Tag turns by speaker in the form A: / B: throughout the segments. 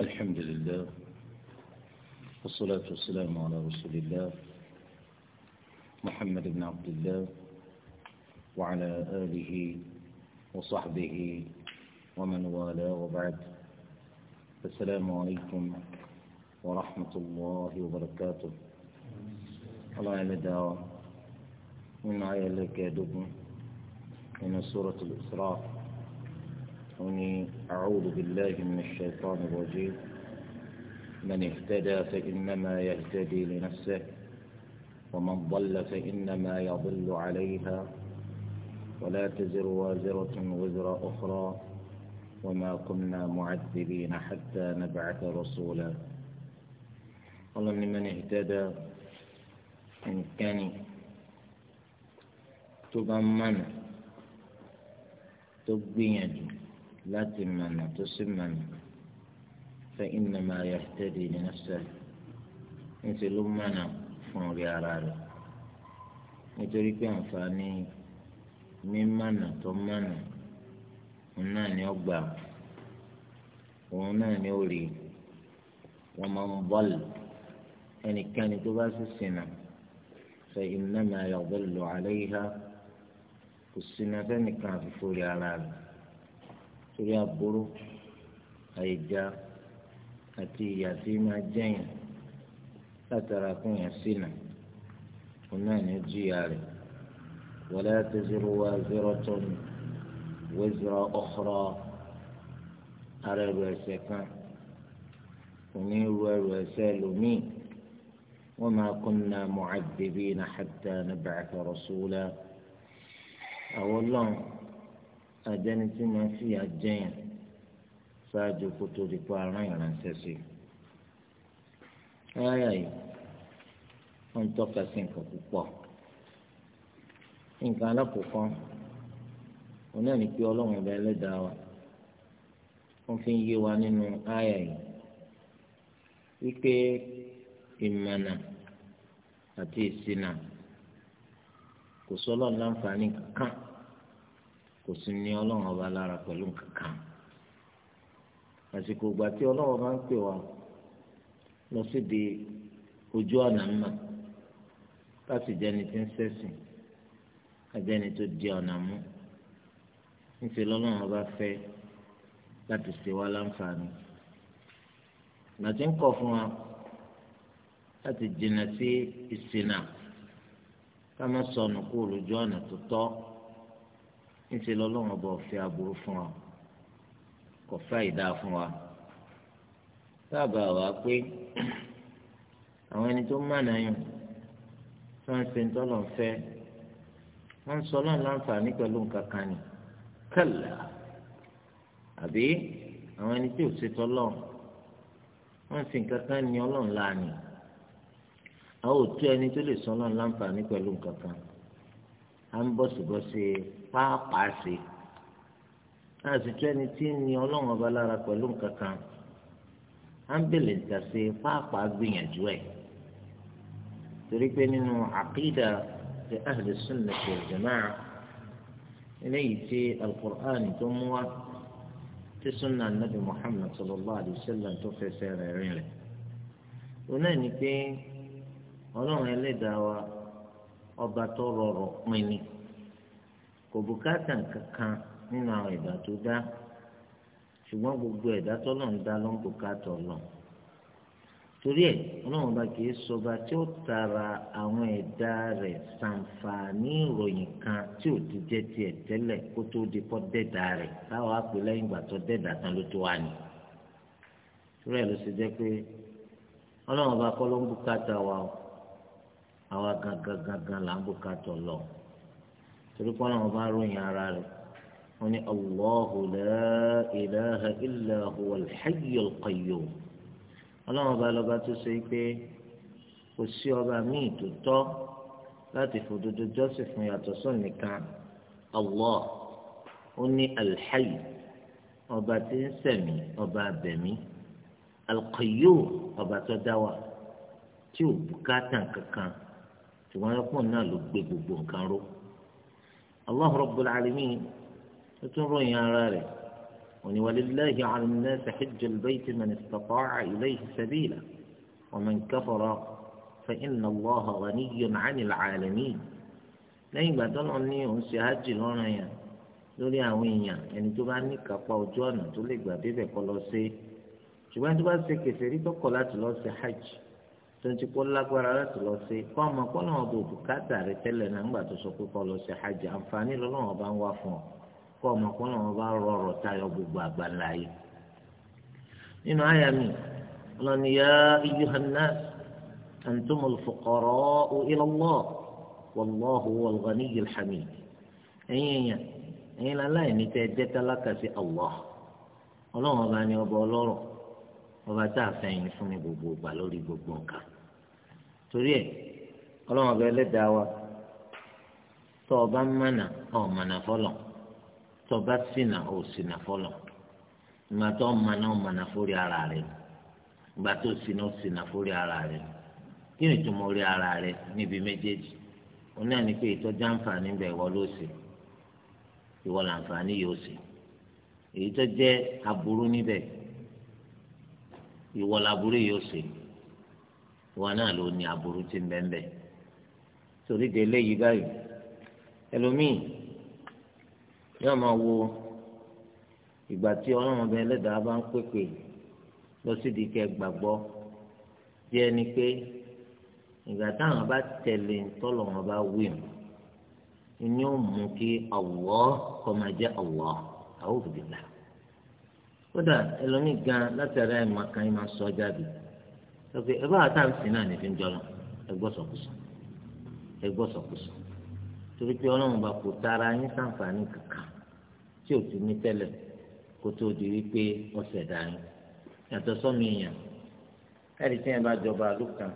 A: الحمد لله والصلاة والسلام على رسول الله محمد بن عبد الله وعلى آله وصحبه ومن والاه وبعد السلام عليكم ورحمة الله وبركاته الله دعوة من آية لك يا دبن من سورة الإسراء أني أعوذ بالله من الشيطان الرجيم من اهتدى فإنما يهتدي لنفسه ومن ضل فإنما يضل عليها ولا تزر وازرة وزر أخرى وما كنا معذبين حتى نبعث رسولا قال من اهتدى إن كان تضمن تبين láti mọ̀nà tó sì mọ̀nà fẹ́ ìnàmà yahtadi li nafsihi níṣẹ́ ló mọ̀nà fún orí ara rẹ̀ nítorí pé àǹfààní mímọ̀nà tó mọ̀nà òun náà ni ó gbà òun náà ni ó rí wa man dalla ẹnikẹ́ni tó bá sì ṣìnà fa innama yadillu alayha kò ṣìnà fẹ́nìkan àfífò rí ara rẹ̀. torí aburú àìjà àti ìyà tí máa jẹyàn látara fún yàn sínà òun náà ní jìyà rẹ̀ wala taziru waziratun wizra ukhra ara ẹrù ẹ̀ṣẹ̀ kan òní ru ẹrù ẹ̀ṣẹ̀ lòmíì wa ma kunna mu'addibina hatta bàtà rasula àwọn Ọlọ́run. àjẹni tí máa ń fìyà jẹyàn ṣáájú kó di pa ara ìránṣẹ́ sí i. ayà yìí wọ́n ń tọ́ka sí nǹkan púpọ̀. nǹkan alákòókò òun náà ní pé ọlọ́run ọba ẹlẹ́dàá wa wọ́n fi ń yé wa nínú ayà yìí wípé ìmọ̀nà àti ìṣìnà kò sọ́lọ́ láǹfààní kankan kò sí ní ọlọ́run ọba lára pẹ̀lú kankan àsìkò ìgbà tí ọlọ́run ọba ń pè wá lọ síbi ojú ọ̀nà mọ̀ láti jẹni tí ń ṣẹ̀sìn ajẹni tó di ọ̀nà mú níṣẹ́ lọ́lọ́run ọba fẹ́ láti ṣe wá láǹfààní láti ń kọ̀ fún wa láti jìnnà sí ìṣìnà ká má sọnù kó lójú ọ̀nà tó tọ́ níṣẹ lọ́lọ́run ọba ọfẹ aburú fún wa kò fẹ́ ìdá fún wa sábà wá pé àwọn ẹni tó mànà yàn tí wọ́n ṣe ń tọ́lọ̀ fẹ́ wọ́n sọ náà láǹfààní pẹ̀lú nǹkan ni kàlà àbí àwọn ẹni tí ò ṣe tọ́lọ̀ wọ́n sì nǹkan ni ọlọ́run láàánì àwọn òtún ẹni tó lè sọ náà láǹfààní pẹ̀lú nǹkan à ń bọ̀sibọ́sí pàápàá ṣe àṣìṣe ẹni tí ń ní ọlọ́run ọba lára pẹ̀lú nǹkan kan á ń bèlè ìtàṣe pàápàá gbìyànjú ẹ̀ torí pé nínú àkídà ti ahli sunnah wal jamaa'ah eléyìí tí alukur'an tó mú wá tí sunna nabi muhammad sallallahu alayhi wa sallam tó fẹsẹ̀ rẹ̀ rìn rẹ̀ ni pé ọlọ́run ẹlẹ́dàá wa ọba tó rọrọ̀ pin ni kò bùkátà kankan nínú àwọn ẹ̀dá tó dá ṣùgbọ́n gbogbo ẹ̀dá tọ́lọ̀ ń dá ló ń bùkátà ọlọ́run torí ẹ̀ ọlọ́run bá kì í sọba tí ó tara àwọn ẹ̀dá rẹ̀ ṣàǹfààní ìròyìn kan tí ò ti jẹ́ tiẹ̀ tẹ́lẹ̀ kó tó di pọ́ dẹ́dà rẹ̀ táwọn á pè lẹ́yìn ìgbà tó dẹ́dà tán ló tó wà ní. torí ẹ̀ ló ṣe jẹ́ pé ọlọ́run bá kọ́ ló ń bùkátà wa o àwa gangan gangan là ń bùkátà ọlọ́run torí pé ọlọ́run bá ròyìn ara rẹ̀ wọ́n ní allahu la ilaha illa huwa alhayyul qayyum ọlọ́run bá lọ́ba tó ṣe pé kò sí ọba míì tó tọ́ láti fòdodo jọ́sìn fún yàtọ̀ sóun nìkan allah ó ní alhayy ọba tí ń sẹ̀mí ọba abẹ̀mí alqayyum ọba tó dá tí ò bùkátà kankan tí wọ́n yọ pọ̀ náà ló gbé gbogbo nǹkan ró. الله رب العالمين تروي يا راري ولله على الناس حج البيت من استطاع إليه سبيلا ومن كفر فإن الله غني عن العالمين lẹ́yìn ìgbà tó lọ́n ní òun ṣe hajj lọ́rùn yẹn lórí àwọn èèyàn ẹni tó bá ní kápá ojú ọ̀nà tó lè gbà débẹ̀ kọ́ lọ sí ṣùgbọ́n tó bá ṣe kèfèrí tó kọ̀ láti lọ́ọ́ ṣe hajj tó ń ti kó lágbára láti lọ sí kó ọmọ kó lọ́wọ́ bò bùkátà rẹ tẹ́lẹ̀ náà ńgbà tó sọ pé kó lọ sí hajj àǹfààní lọ́wọ́ bá ń wá fún ọ kó ọmọ kó lọ́wọ́ bá rọrọ̀ tayọ gbogbo àgbàlá yìí. nínú àyà mi lọ́ni yá ayyuhan nas antumul fuqara'u ila Allah wallahu wal ghaniyyul ẹ̀yin èèyàn ẹ̀yin láláì ní tẹ́ jẹ́ tálákà sí Allah ọlọ́wọ́n bá ní ọba ọlọ́rọ̀ ọba tá a fẹ́yìn fún ní gbogbo ìgbà lórí gbogbo nǹkan torí ẹ̀ ọlọ́run ọba ẹlẹ́dàá wa tó o bá mánà ọ̀ mánà fọlọ̀ tó o bá ṣìnà ọ̀ ṣìnà fọlọ̀ ìgbà tó o mánà ọ̀ mánà fórí ara rẹ̀ ìgbà tó o ṣìnà ọ̀ ṣìnà fórí ara rẹ̀ kí ni tó mo rí ara rẹ̀ níbi méjèèjì ó náà ní pé ìtọ́jú àǹfààní bẹ̀ wọ́n ló ṣe ìwọ làǹfààní yóò ṣe èyí tó jẹ́ aburú níbẹ̀ ìwọ làburú yóò ṣe wọn náà ló ní aburú tí ń bẹ́ẹ̀ bẹ́ẹ̀ torí de eléyìí báyìí ẹlòmíì yóò máa wo ìgbà tí ọlọ́run ọbẹ̀ ẹlẹ́dàá bá ń pèpè lọ sídi kẹ gbàgbọ́ bí ẹni pé ìgbà táwọn bá tẹ̀lé ńtọ́lọ̀ wọn bá wí mu ni ó mú kí ọ̀wọ́ kọ́ máa jẹ́ ọ̀wọ́ àwọn òbí là kódà ẹlòmíì gan látara ẹ̀ máa kan ẹ̀ máa sọ jáde ẹgbẹ́ ẹ bá àtà ń sìn náà nífi ń jọlọ ẹgbọ́ sọkùsọ ẹgbọ́ sọkùsọ torí pé ọlọ́run bá kò tara yín sàǹfààní kankan tí ò ti ní tẹ́lẹ̀ kó tó di wípé ọ̀sẹ̀ dání yàtọ̀ sọ́mi èèyàn ẹ̀rí tí yẹn bá jọba àlù kan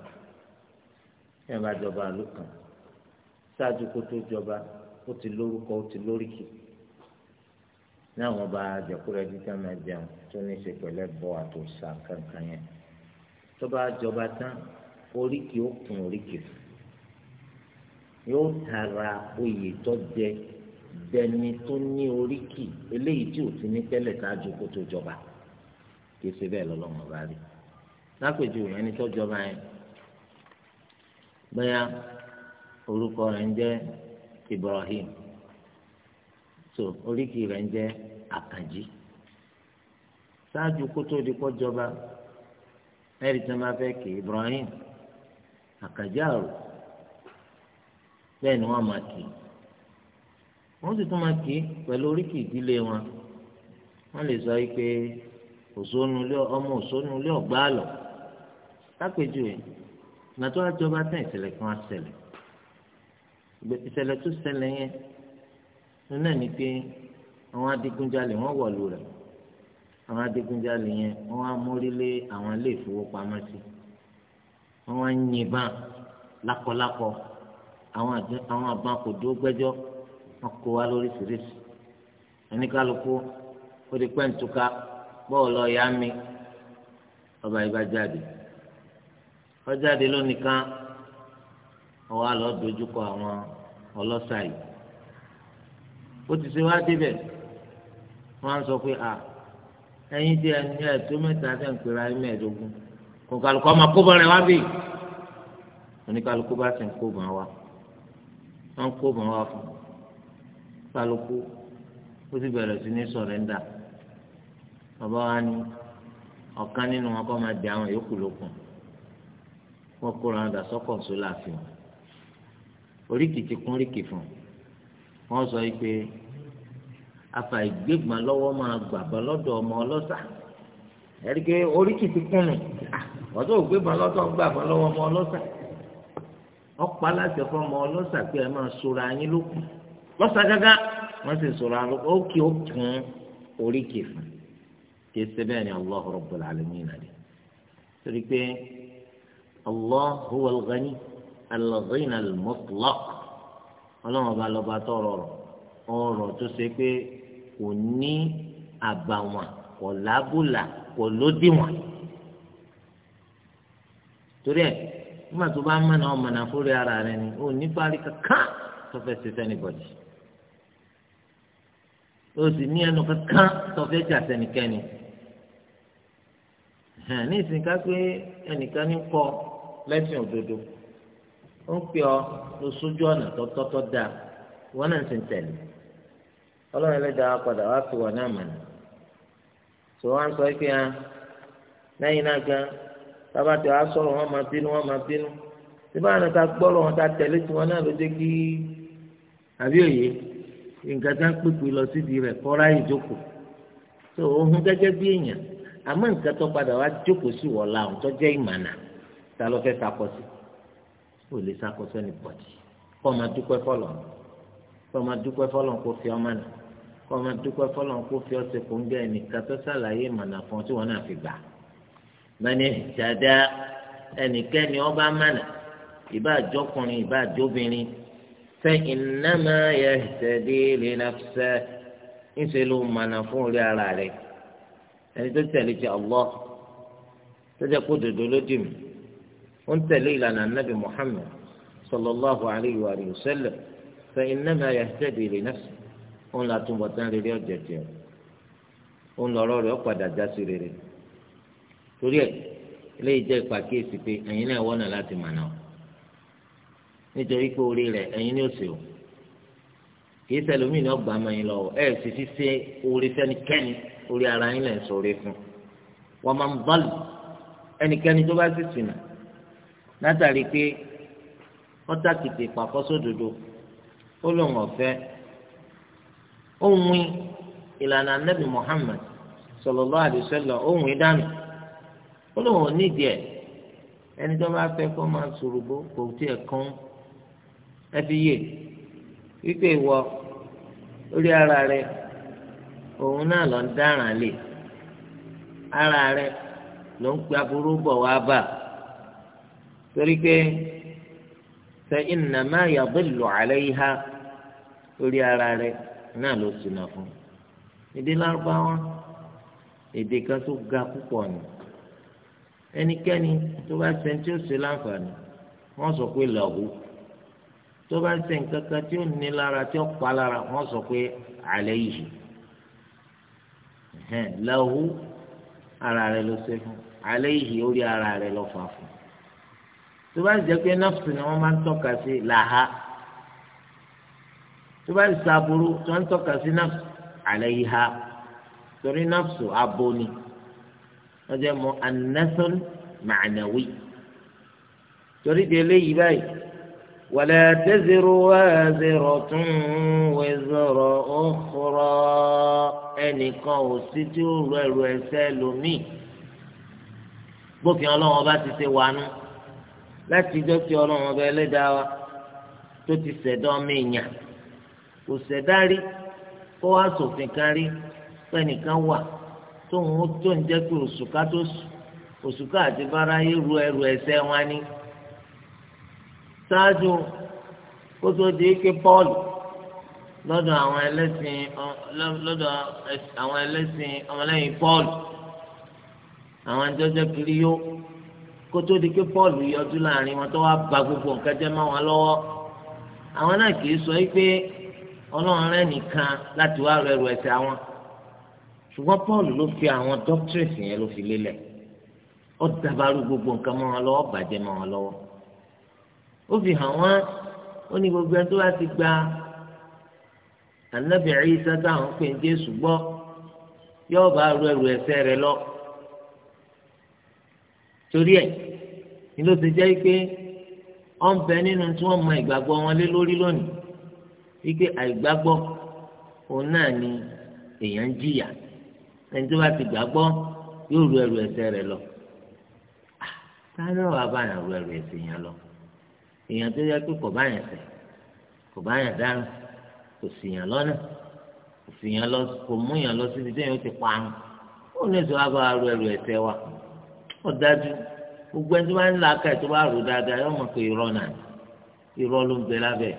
A: tí yẹn bá jọba àlù kan ṣáájú kó tó jọba ó ti lórúkọ ó ti lóríkì ní àwọn ọba àjẹkúrẹ́ dídá máa jẹun tó ní í ṣe pẹ̀lẹ́ bọ́ àtòsà kankan yẹn tó bá jọba tán oríkì ó kún oríkì yóò tara oyè tó jẹ dẹni tó ní oríkì eléyìí tí ò ti ní tẹ́lẹ̀ ṣáájú kó tó jọba kì í ṣe bẹ́ẹ̀ lọ́lọ́mọ bá rí lápèjúwe ẹni tó jọba yẹn bóyá orúkọ rẹ̀ ń jẹ́ Ibrahim so oríkì rẹ̀ ń jẹ́ Àkànjí ṣáájú kó tó di kó jọba ẹ̀rí tí wọ́n bá fẹ́ kì Ibrahim àkàjáàrò bẹ́ẹ̀ ni wọ́n máa kì wọ́n sì tún máa kì pẹ̀lú oríkì ìdílé wọn wọ́n lè sọ pé òsónulé ọmọ òsónulé ọ̀gbá àlọ́ lápèjúwe ìgbà tó àjọba tán ìṣẹ̀lẹ̀ kan á ìṣẹ̀lẹ̀ tó ṣẹlẹ̀ yẹn nínú ẹ̀ ni pé àwọn adigunjalè wọ́n wọ̀lú rẹ̀ àwọn adigunjalè yẹn wọ́n wá mórílé àwọn ilé ìfowópamọ́sí wọ́n wá ń yìnbọn lákọlákọ àwọn àbọn kò dúró gbẹ́jọ́ wọ́n kó wa lóríṣiríṣi oníkálukú ó di pẹ́ǹtùká bọ́ọ̀lù ọ̀yá mi ọba ibà jáde ọjáde lónìkan ọwọ́ àlọ́ dojúkọ àwọn ọlọ́ṣà yìí ó ti ṣe wá débẹ̀ wọ́n á sọ pé Ah, ẹ̀yin tí ẹni ẹ̀tọ́ mẹ́ta tẹ̀ ń pera ẹ̀ mẹ́ẹ̀ẹ́dógún kò kálukú ọmọ kóbọ̀ rẹ̀ wá bì oníkálukú bá sì ń kóbọ̀ wá wọ́n kóbọ̀ wá fún kálukú ó sì bẹ̀rẹ̀ sí ní sọ̀rẹ́ńdà bàbá wa ní ọ̀kan nínú wọn kọ́ máa di àwọn yòókù lókun wọ́n kóra wọn dà sọ́kọ̀ sólà fi hàn oríkì ti kún oríkì fún wọn sọ yìí pé afa ìgbégbọn lọ́wọ́ máa gbàgbọ́ lọ́dọ̀ ọmọ ọlọ́ṣà ẹ̀ríkẹ́ oríkì ti kúnnù ọ̀dọ́ ògbégbọn lọ́dọ̀ gbàgbọ́ lọ́wọ́ ọmọ ọlọ́ṣà ọ̀pá láti ẹ̀fọ́ ọmọ ọlọ́ṣà pé ẹ máa sora yín lókun lọ́ṣà gágá wọ́n sì sora lókun ó kì ó kún oríkì fún kí ẹsẹ̀ ni allah rabbul alamin nàdí torí pé allah huwa al-ghani al-ghina al tọrọ ọ̀rọ̀ tó ṣe pé kò ní àbàwọ́n kò lábùlà kò lódiwọ̀n torí ẹ̀ nígbà tó bá mọ̀nà ọmọnà fúri ara rẹ ni ó ní parí kankan tó fẹ́ ṣe sẹ́nìbọ̀dì ó sì ní ẹnu kankan tó fẹ́ jà sẹ́nìkẹ́ni hàn ní ìsìnká pé ẹnìkan ní kọ́ lẹ́sìn òdodo ó ń pè ọ́ lọ sójú ọ̀nà tọ́tọ́tọ́ dáa wọ́n náà ń sìn tẹ̀lé ọlọ́run ẹlẹ́dàá padà wá fi wà náà mọ̀nà tó wá ń sọ pé hàn lẹ́yìn náà gan bàbá tí wàá sọ̀rọ̀ wọn máa bínú wọn máa bínú tí báyìí náà ta gbọ́rọ̀ wọn ta tẹ̀lé tí wọn náà ló dé kí àbí òye nǹkan tá ń pèpè lọ síbi rẹ̀ kọ́ra ìjókòó tó ohun gẹ́gẹ́ bí èèyàn àmọ́ nǹkan tó padà wá jókòó sí wọ̀ọ́lá àwọn tó jẹ́ ìmọ̀nà ta ló fẹ́ sakọ sí kò lè sakọ sẹ́ni pọ̀jì kọ́ ọ máa dúpẹ́ fọlọ́ kọ́ ọ máa dúpẹ́ fọlọ́ kó fi ọmọ náà kọ́ máa dúpẹ́ fọlọ́n kó fi ọ̀sẹ̀ kó ń gẹ́ ẹnìkan tó ṣàlàyé ìmọ̀nà fún tí wọ́n náà fi gbà. mẹ́ni dada ẹnikẹ́ni ọba mánà ìbá àjọkùnrin ìbá àjọbìnrin fẹ́ ìnáma yẹ tẹ̀lé lẹ́nàfẹ́ ńṣe ló mọ̀nà fún orí ara rẹ̀ ẹni tó tẹ̀lé ti Allah tó jẹ́ kó dòdò ló dì ó ń tẹ̀lé ìlànà Nabi Muhammad sallallahu alayhi wa sallam fẹ́ ìnáma yẹ tẹ̀lé lẹ́nàfẹ́ òun là tún bọ̀tán rere ọ̀jẹ̀ tiẹ̀ òun lọ̀rọ̀ rẹ̀ ọ̀padà já sí rere torí ẹ̀ eléyìí jẹ́ ìpàkíyèsí pé ẹ̀yin náà wọ́nà láti mà náà nítorí pé orí rẹ̀ ẹ̀yin ní òsè o kì í sẹ́lómi ní ọgbà máa yín lọ́wọ́ ẹ̀ sì fi ṣe orí sẹ́nikẹ́ni orí ara yín lẹ̀ ń sọ̀rọ̀ fún wọn máa ń bọ́ọ̀lù ẹnikẹ́ni tó bá sì ṣìnà látàrí pé ọ́tàkìtì pàkọ́sódodo ó lóun ọ̀fẹ́ ohun ìlànà anabi muhammed sọlọlọ alaihi wasallam òun ó lóun nídìí ẹ ẹni tó bá fẹ́ kó máa sòrògbó kò tiẹ̀ kán ẹ fi yé wípé ìwọ orí ara rẹ òun náà lọ ń dáràn lè ara rẹ ló ń pe aburú bọ̀ wá bà torí pé fa innama yadillu alayha orí ara rẹ. náà ló ṣìnà fún èdè lárúbáwá èdè kan tó ga púpọ̀ ni ẹnikẹ́ni tó bá ṣe tí ó ṣe láǹfààní wọ́n sọ pé làwù tó bá ṣe nǹkan kan tí ó ní lára tí ó pa lára wọ́n sọ pé àlẹ́ yìí làwù ara rẹ̀ ló ṣe fún àlẹ́ yìí orí ara rẹ̀ ló fún tó bá jẹ́ pé nọ́ọ̀sì ni wọ́n máa ń tọ́ka sí làhá tó bá sì sàbúrú tó ń tọ́ka sí náà àlẹ́ yìí ha torí nafsu abo ni wọ́n jẹ́ mọ́ anẹ́sọ́n màánàwí torí di eléyìí báyìí wàlẹ́ tẹ́sírù wá zèrò tún wẹ́ zọ̀rọ̀ ọ̀kọ̀rọ̀ ẹnìkan ò sí tí ó rọ ẹrù ẹsẹ̀ lómi bófin ọlọ́run ọba ti ṣe wàánu láti ijọ́ tí ọlọ́run ọba ẹlẹ́dàá wa tó ti ṣẹ̀dọ́ mí yàn. kò ṣẹ̀dá rí kó wá sòfin kan rí pẹ́nìkan wà tóun ó tó ń jẹ́ pé òṣùká tó òṣùká àti báráyé ru ẹrù ẹ̀ṣẹ̀ wọn ni ṣáájú kó tó di ike pọ́ọ̀lù lọ́dọ̀ àwọn ẹlẹ́sìn lọ́dọ̀ àwọn ẹlẹ́sìn ọmọlẹ́yìn pọ́ọ̀lù àwọn ẹjọ́jọ́ kiri yó kó tó di pọ́ọ̀lù yọjú láàrin wọn tó wá ba gbogbo nǹkan jẹ́ mọ́ wọn lọ́wọ́ àwọn náà kì í sọ pé ọlọ́run rẹ̀ nìkan láti wá rẹrù ẹ̀ṣẹ̀ àwọn ṣùgbọ́n Paul ló fi àwọn doctorate yẹn ló fi lélẹ̀ ó dàbàrú gbogbo nǹkan mọ́ wọn lọ́wọ́ bàjẹ́ mọ́ wọn lọ́wọ́ ó fi hàn wọ́n ó ní gbogbo ẹni tó bá ti gba Ànábì Ìsá táwọn ń pè ní Jésù gbọ́ yóò bá rẹrù ẹ̀ṣẹ̀ rẹ̀ lọ torí ẹ̀ ni ló ti jẹ́ pé ó ń bẹ nínú tí wọ́n mọ ìgbàgbọ́ wọn lé lórí lónìí wípé àìgbàgbọ́ òun náà ni èèyàn ń jìyà ẹni tó bá ti gbàgbọ́ yóò ru ẹrù ẹ̀ṣẹ̀ rẹ̀ lọ táwọn wàá báyà ru ẹrù ẹ̀ṣẹ̀ yẹn lọ èèyàn tó yẹ pé kò báyà ṣẹ̀ kò báyà dáhùn kò sì yàn lọ́nà kò sì yàn lọ kò mú yàn lọ síbi téèyàn ti pa án ó ní ìṣòro àbá ru ẹrù ẹ̀ṣẹ̀ wa ó dájú gbogbo ẹni tó bá ń la ká ẹ tó bá rò dáadáa yóò mọ̀ pé irọ́ náà irọ́ ló ń bẹ lábẹ́ ẹ̀.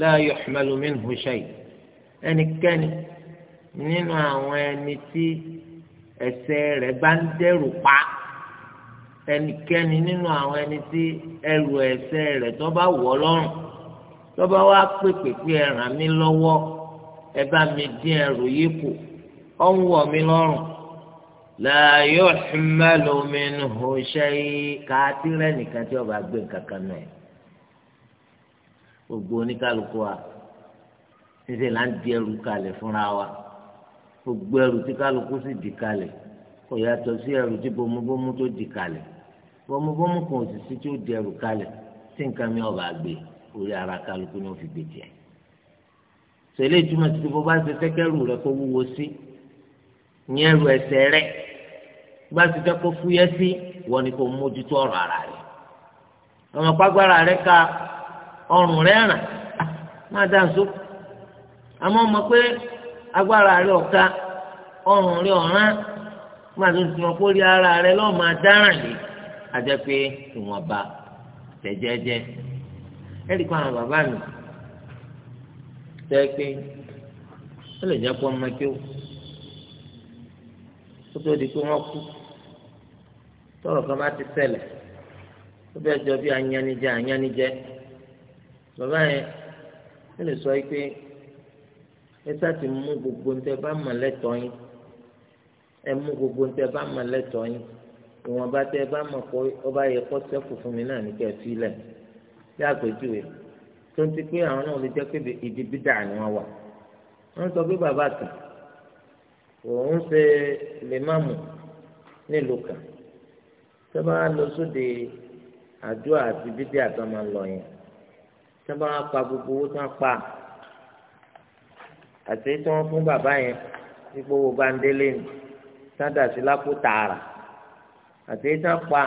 A: la yuhmalu minhu shay ẹnikẹ́ni nínú àwọn ẹni tí ẹsẹ̀ rẹ̀ bá ń dẹ́rù pa ẹnikẹ́ni nínú àwọn ẹni tí ẹrù ẹsẹ̀ rẹ̀ tó bá wọ̀ lọ́rùn tó bá wá pèpè pé ẹ ràn mí lọ́wọ́ ẹ bá mi dín ẹrù yìí kù ó ń wọ̀ mí lọ́rùn la yuhmalu minhu shay kàá tí rẹ̀ nìkan tí ọba gbé kankan náà gbogbo oníkálukú wa ṣíṣe là ń di ẹrù kalẹ̀ fúnra wa gbogbo ẹrù tí kálukú sì di kalẹ̀ kò yàtọ̀ sí ẹrù tí bomubomu tó di kalẹ̀ bomubomu kan òsìsí tí ó di ẹrù kalẹ̀ tí nǹkan mi ọba gbé orí ara kálukú ni ó fi gbé tiẹ̀ sọlẹ ìtumọ̀ títí bó bá ṣe fẹ́kẹ́rù rẹ kó wúwo sí ní ẹrù ẹsẹ̀ rẹ bá ṣe fẹ́ kó fúyẹ́ sí wọ́n ni kò mójútó ọ̀rọ̀ ara rẹ ọmọ pàgbára rẹ ká. ọrùn rẹ̀ ràn máa dá nsó àmọ́ mọ̀ pé agbára rẹ ọ̀ka ọrùn rẹ̀ ọ̀ràn máa tó mọ̀ pé ara rẹ lọ́ọ́ dáràn lé àjẹ́ pé ìwọ̀nba tẹ̀jẹ́jẹ́ ẹ̀rí kan àwọn bàbá mi tẹ́ pé lè jẹ́ pọ́n mọ́ kí ó kó tó di pé bàbá yẹn ó lè sọ pé ẹ sá ti mú gbogbo ń tẹ bá mọ̀ lẹ́tọ̀ọ́ yín ẹ mú gbogbo ń tẹ bá mọ̀ lẹ́tọ̀ọ́ yín ìwọ̀n bá tẹ bá mọ̀ pé ọba yẹ kọ́ sẹ́kù fún mi náà ní kẹ́ ẹ bí àpèjúwe tó ń ti pé àwọn náà lè jẹ́ pé ìdí bídà ni wọ́n wà wọ́n sọ pé bàbá kan òun ṣe lèmáàmù nílùú kan tó bá lọ sóde àdúrà àti bídà tó máa lọ yẹn tí wọ́n bá pa gbogbo owó tí wọ́n pa àti tí wọ́n fún bàbá yẹn ní gbogbo bandele ní sádà sí lápò tààrà àti tí wọ́n pa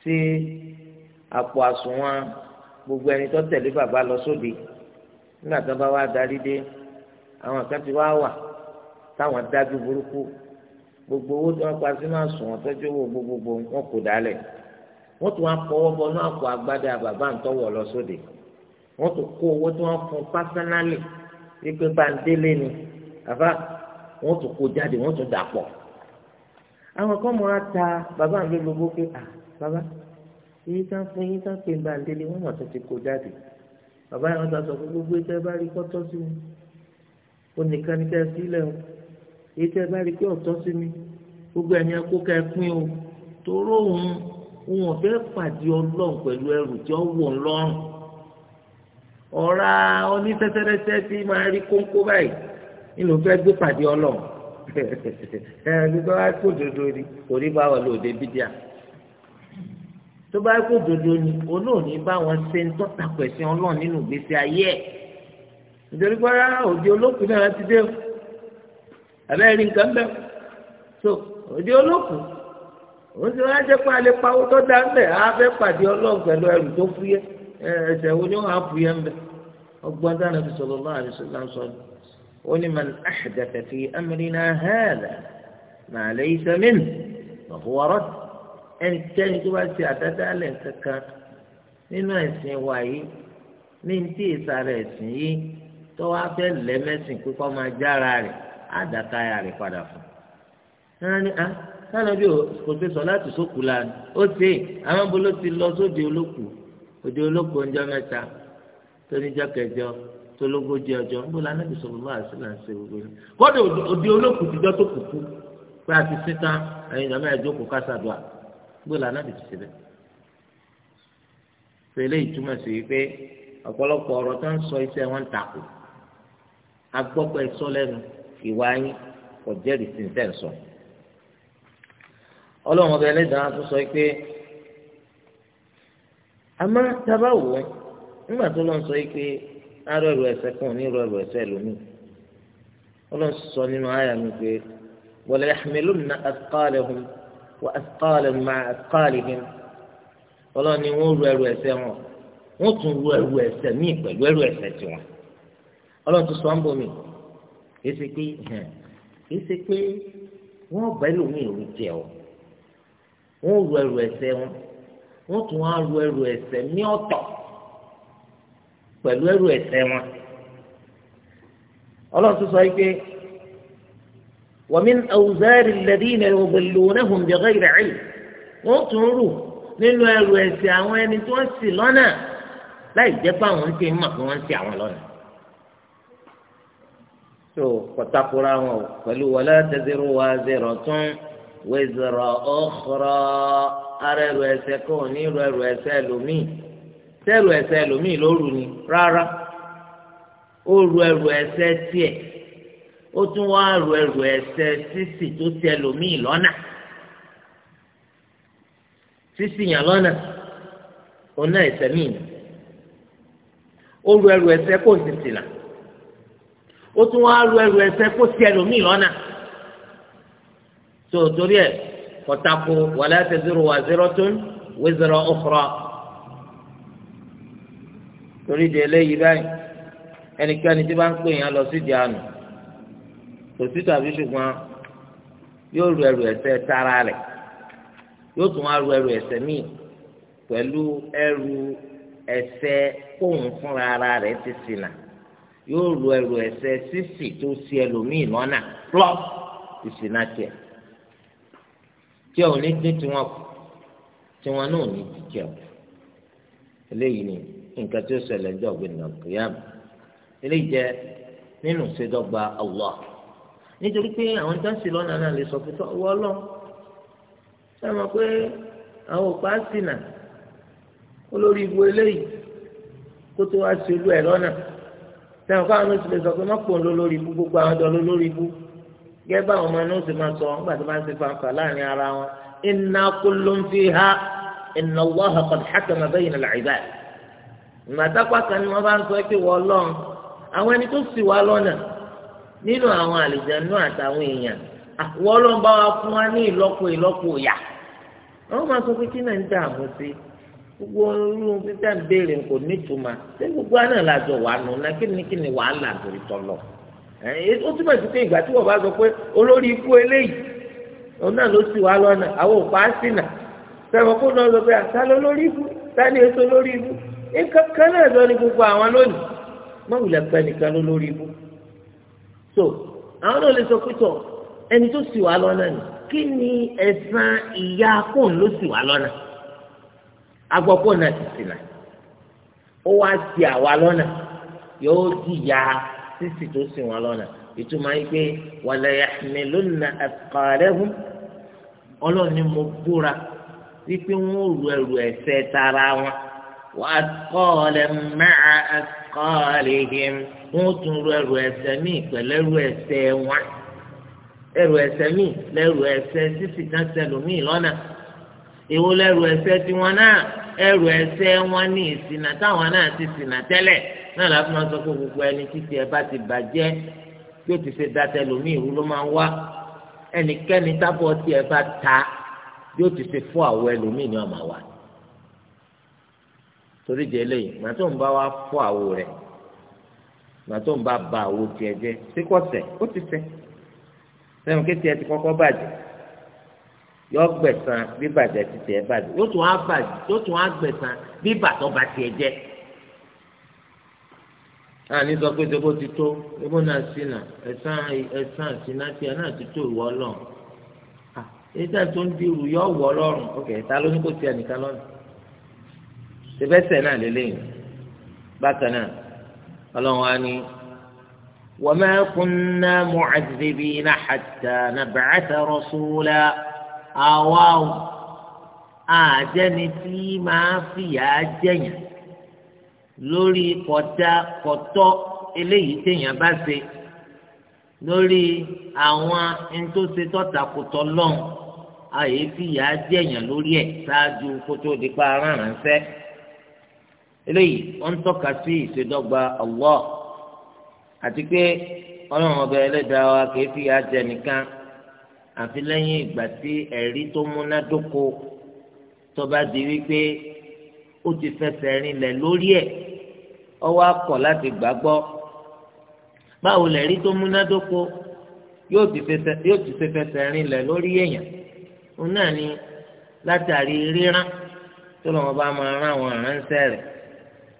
A: sí àpò àsùnwọ̀n gbogbo ẹni tó tẹ̀lé bàbá lọ sóde nígbà tí wọ́n bá wá darí dé àwọn kan ti wá wà táwọn dájú burúkú gbogbo owó tí wọ́n pa sínú àsùnwọ̀n tọ́jú owó gbogbogbò wọn kò dálẹ̀ wọ́n tún wá pọ̀wọ́ bọ náà kó agbádá bàbá ń tọ́wọ̀ lọ sóde wọ́n tún kó owó tí wọ́n fún pásánálì wípé báńdélé ni bàbá wọ́n tún kó jáde wọ́n tún dàpọ̀ àwọn kan mọ̀ ta bàbá mi lóbó pé à bàbá yìí tá fún yìí tá pé báńdélé wọ́n mọ̀ tó ti kó jáde bàbá yẹn wọ́n ta sọ gbogbo ìtẹ́ bá rí kọ́tọ́ sí mi ó nìkan ní kẹ́ sílẹ̀ o ìtẹ́ bá rí pé ọ̀tọ́ sí mi gbogbo ẹ̀yìn ẹ̀kọ́ kẹ́ pín o toró òun wọn ò fẹ́ pàdé ọlọ́run pẹ̀lú ẹrù tí ó wọ̀ lọ́rùn ọ̀ra onífẹsẹ̀rẹsẹ̀ tí máa rí kóńkó báyìí nínú fẹ́ gbé pàdé ọlọ́run ẹ ẹ nígbà wá kó dodo ni kò ní bá wọn lò dé bídíà tó bá kó dodo ni olóòní bá wọn ṣe ń tọ́ta pẹ̀sìn ọlọ́run nínú ìgbésí ayé ẹ̀ nítorí pé rárá òde olókùn náà ti dé o àbẹ́rẹ́ nǹkan bẹ́ẹ̀ so òde olókùn ó ti wá jẹ́ pé alẹ́ pawó tó dá ńbẹ̀ á fẹ́ pàdé ọlọ́run pẹ̀lú ẹrù tó fúyẹ́ ẹsẹ̀ wo ni wọ́n á fúyẹ́ ńbẹ̀ ọgbọ́n dáná fi sọ̀rọ̀ lọ́wọ́ àdìsọ́ náà ni ó ní man ahdatha fi amrina hadha ma laysa minhu fa huwa radd ẹnikẹ́ni tó bá ti àdádálẹ̀ kankan nínú ẹ̀sìn wa ní ti ìsàlẹ̀ ẹ̀sìn yìí tó wá fẹ́ lẹ́mẹ̀sìn pé máa jára rẹ̀ á rẹ̀ padà fún un sanabi kò ṣe sọ láti sókù lánàá ó ṣe àwọn bolo ti lọ sóde olóku òde olóku ọjọ́ mẹ́ta tóníjọ́ kẹjọ tólógójì ọjọ́ ń bọ lánàbì sọ bàbá àti sílà ń ṣe gbogbo yìí kódà òde olóku ti jọ tó kù kú pé àti sítan ẹyin ìjọba ẹjọ kò kásádùá ń bọ lánàbì ti ṣe bẹ. sẹlẹ ìtumọ̀ sí wípé ọ̀pọ̀lọpọ̀ ọ̀rọ̀ tó ń sọ iṣẹ́ wọn takò agbọ́pọ̀ ẹ̀sọ́ lẹ́nu ìwà ọlọ́run ọba ẹlẹ́dàá tó sọ pé àmọ́ tábà wò ó nígbà tó lọ́n sọ pé arọ́rọ̀ ẹ̀sẹ̀ kan ní rọrọ̀ ẹ̀sẹ̀ lómi ọlọ́run sọ nínú àyà mi pé wala yahmilunna athqalahum wa athqalan ma'a athqalihim ọlọ́run ni wọ́n ru ẹrù ẹ̀sẹ̀ wọn wọ́n tún ru ẹrù ẹ̀sẹ̀ míì pẹ̀lú ẹrù ẹ̀sẹ̀ tiwọn ọlọ́run tó sọ ń bomi kì í ṣe pé kì ṣe pé wọ́n bá ẹlòmíì rú jẹ́ ọ́ wọn ò ru ẹrù ẹ̀ṣẹ̀ wọn wọn tún wọn ru ẹrù ẹ̀ṣẹ̀ ní ọ̀tọ̀ pẹ̀lú ẹrù ẹ̀ṣẹ̀ wọn Ọlọ́run tó sọ yìí pé wàmí awùzárì lẹ́dínà òbèlónẹ́hùn bẹ̀rẹ̀ ìrẹ̀lẹ̀ wọn tún rù nínú ẹrù ẹ̀ṣẹ̀ àwọn ẹni tí wọ́n sì lọ́nà láì jẹ́ pé àwọn ti ń mọ̀ pé wọ́n ti àwọn lọ́nà. tó kọ́tàkùrọ̀ àwọn pẹ̀lú wọlé tẹ̀síwájú wa zẹ̀rọ̀ tún wizra ukhra ara ẹrù ẹ̀ṣẹ̀ kan ò ní ru ẹrù ẹ̀ṣẹ̀ lòmíì sẹ́rù ẹ̀ṣẹ̀ lòmíì lóru ni rárá ó ru ẹrù ẹ̀ṣẹ̀ tiẹ̀ ó tún wá ru ẹrù ẹ̀ṣẹ̀ sísì tó tiẹ̀ lòmíì lọ́nà sísì yàn lọ́nà òun náà ẹ̀ṣẹ̀ míì ó ru ẹrù ẹ̀ṣẹ̀ kó sì sì ó tún wá ru ẹrù ẹ̀ṣẹ̀ kó tiẹ̀ lòmíì lọ́nà tó torí ẹ̀ kọ̀tàkù wala taziru waziratun wizra ukhra torí di eléyìí báyìí ẹnikẹ́ni tí bá ń pè yàn lọ sí di àná kò sí tàbí ṣùgbọ́n yóò ru ẹrù ẹ̀ṣẹ̀ tara rẹ̀ yóò tún wá ru ẹrù ẹ̀ṣẹ̀ míì pẹ̀lú ẹrù ẹ̀ṣẹ̀ kóun fúnra ara rẹ̀ ti ṣìnà yóò ru ẹrù ẹ̀ṣẹ̀ sísì tó ṣì ẹlòmíì lọ́nà plọ́ ìṣìnà tiẹ̀. tí ò ní dín tiwọn kù tiwọn náà ní eléyìí ni nǹkan tí ó ṣẹlẹ̀ ń jọ̀gbìn náà kìyàmù eléyìí jẹ́ nínú ìṣèdọ́gba Allah nítorí pé àwọn dáńsì lọ́nà náà lè sọ pé tọ́wọ́ lọ ṣé wọn pé àwọn òpá sínà olórí eléyìí kó tó wá olú ẹ̀ lọ́nà ṣé wọn káwọn ló ti lè sọ pé gbogbo àwọn ọdọ gẹ́gẹ́ báwọn ọmọ inú ti máa sọ nígbà tí wọ́n ti fanfà láàrin ara wọn inna kullun fiha inna Allaha qad hakama bayna al-ibad ìmọ̀tàpá kan ni wọ́n bá ń sọ pé wọ́n lọ́n àwọn ẹni tó sì wá lọ́nà nínú àwọn àtàwọn èèyàn wọ́n lọ́n bá wa fún wa ní ìlọ́po ìlọ́po ìyà àwọn máa sọ pé kí náà ń sí gbogbo ó túbọ̀ sí pé ìgbà tí wọ́n bá sọ pé olórí ikú eléyìí òun náà ló sì wá lọ́nà àwọn òpá sínà sẹ́wọ̀n kó lọ́ọ́ sọ pé àtàlọ́ lórí ikú tani èso lórí ikú nǹkan náà sọ ní gbogbo àwọn lónìí mọ̀wùlẹ̀ pẹ́ nìkan ló lórí ikú so àwọn náà lè sọ pé tọ̀ ẹni tó sì wá lọ́nà ni kí ni ẹ̀san ìyá akóhùn ló sì wá lọ́nà agbọ́pọ̀ náà ti ṣìnà ó wá ti àwa lọ́nà yóò di ya sísì tó sì wọn lọ́nà ìtumọ̀ yìí pé wala yahmilunna athqalahum ọlọ́run ni mo búra wípé wọ́n ò ru ẹrù ẹ̀ṣẹ̀ tara wọn wa athqalan ma'a athqalihim wọ́n ò tún ru ẹrù ẹ̀ṣẹ̀ míì pẹ̀lú ẹrù ẹ̀ṣẹ̀ wọn ẹrù ẹ̀ṣẹ̀ míì lẹ́rù ẹ̀ṣẹ̀ sísì kan sẹlòmíì lọ́nà èwo lẹ́rù ẹ̀ṣẹ̀ tiwọn náà ẹrù ẹ̀ṣẹ̀ wọn ní ìṣìnà táwọn náà ti ṣìnà tẹ́lẹ̀ náà láti máa sọ pé gbogbo ẹni títí ẹ bá ti bàjẹ́ bí ó ti ṣe da tẹlòmíì ìrú ló máa wá ẹnikẹ́ni tábọ̀ tí ẹ bá ta bí ó ti ṣe fún àwọ̀ ẹlòmíì ni ọmọ wa torí jẹ lẹ́yìn màá tó ń bá wa fún àwọ̀ rẹ̀ màá tó ń bá ba àwọ̀ tiẹ̀ jẹ́ síkọ̀sẹ̀ ó ti sẹ́ sẹ́wọ̀n kí tiẹ̀ ti kọ́kọ́ bàjẹ́ yọ gbẹ̀san bíbàjẹ́ ti tẹ̀ bàjẹ́ yóò tún á bàjẹ́ yóò tún á gbẹ̀san bíbàtọ́ bá tiẹ̀ jẹ́ àní sọ pé ṣebó ti tó ebó náà sí nà ẹ̀sán ẹ̀sán ìsiná tiẹ̀ náà ti tó ìwọ lọ́n ètò tó ń dirù yọ wọ lọ́rùn ok ta ló ní kó tiẹ̀ nìkan lọ́rùn ṣẹbẹ́sẹ̀ náà lélẹ́yìn bákan náà ọlọ́run á ní. وما كنا معذبين حتى نبعث رسولا àwa o àjẹni tí máa fìyà jẹyàn lórí kọjá kọtọ eléyìí téèyàn bá ṣe lórí àwọn ntòsí tọ́takùtọ lọ́hùn àyè fìyà jẹyàn lórí ẹ̀ ṣáájú kótó dípa aránránṣẹ́ eléyìí wọ́n ń tọ́ka sí ìṣèdọ́gba Allah àti pé ọlọ́run ọba ẹlẹ́dàá wa kìí fìyà jẹ nìkan àfi lẹ́yìn ìgbà tí ẹ̀rí tó múnádóko tó bá di wípé ó ti fẹsẹ̀ rinlẹ̀ lórí ẹ̀ ó wá kọ̀ láti gbàgbọ́ báwo lẹ̀rí tó múnádóko yóò ti fẹsẹ̀ rinlẹ̀ lórí èèyàn òun náà ni látàrí ríran tó lọ́wọ́ bá máa rán àwọn aránṣẹ́ rẹ̀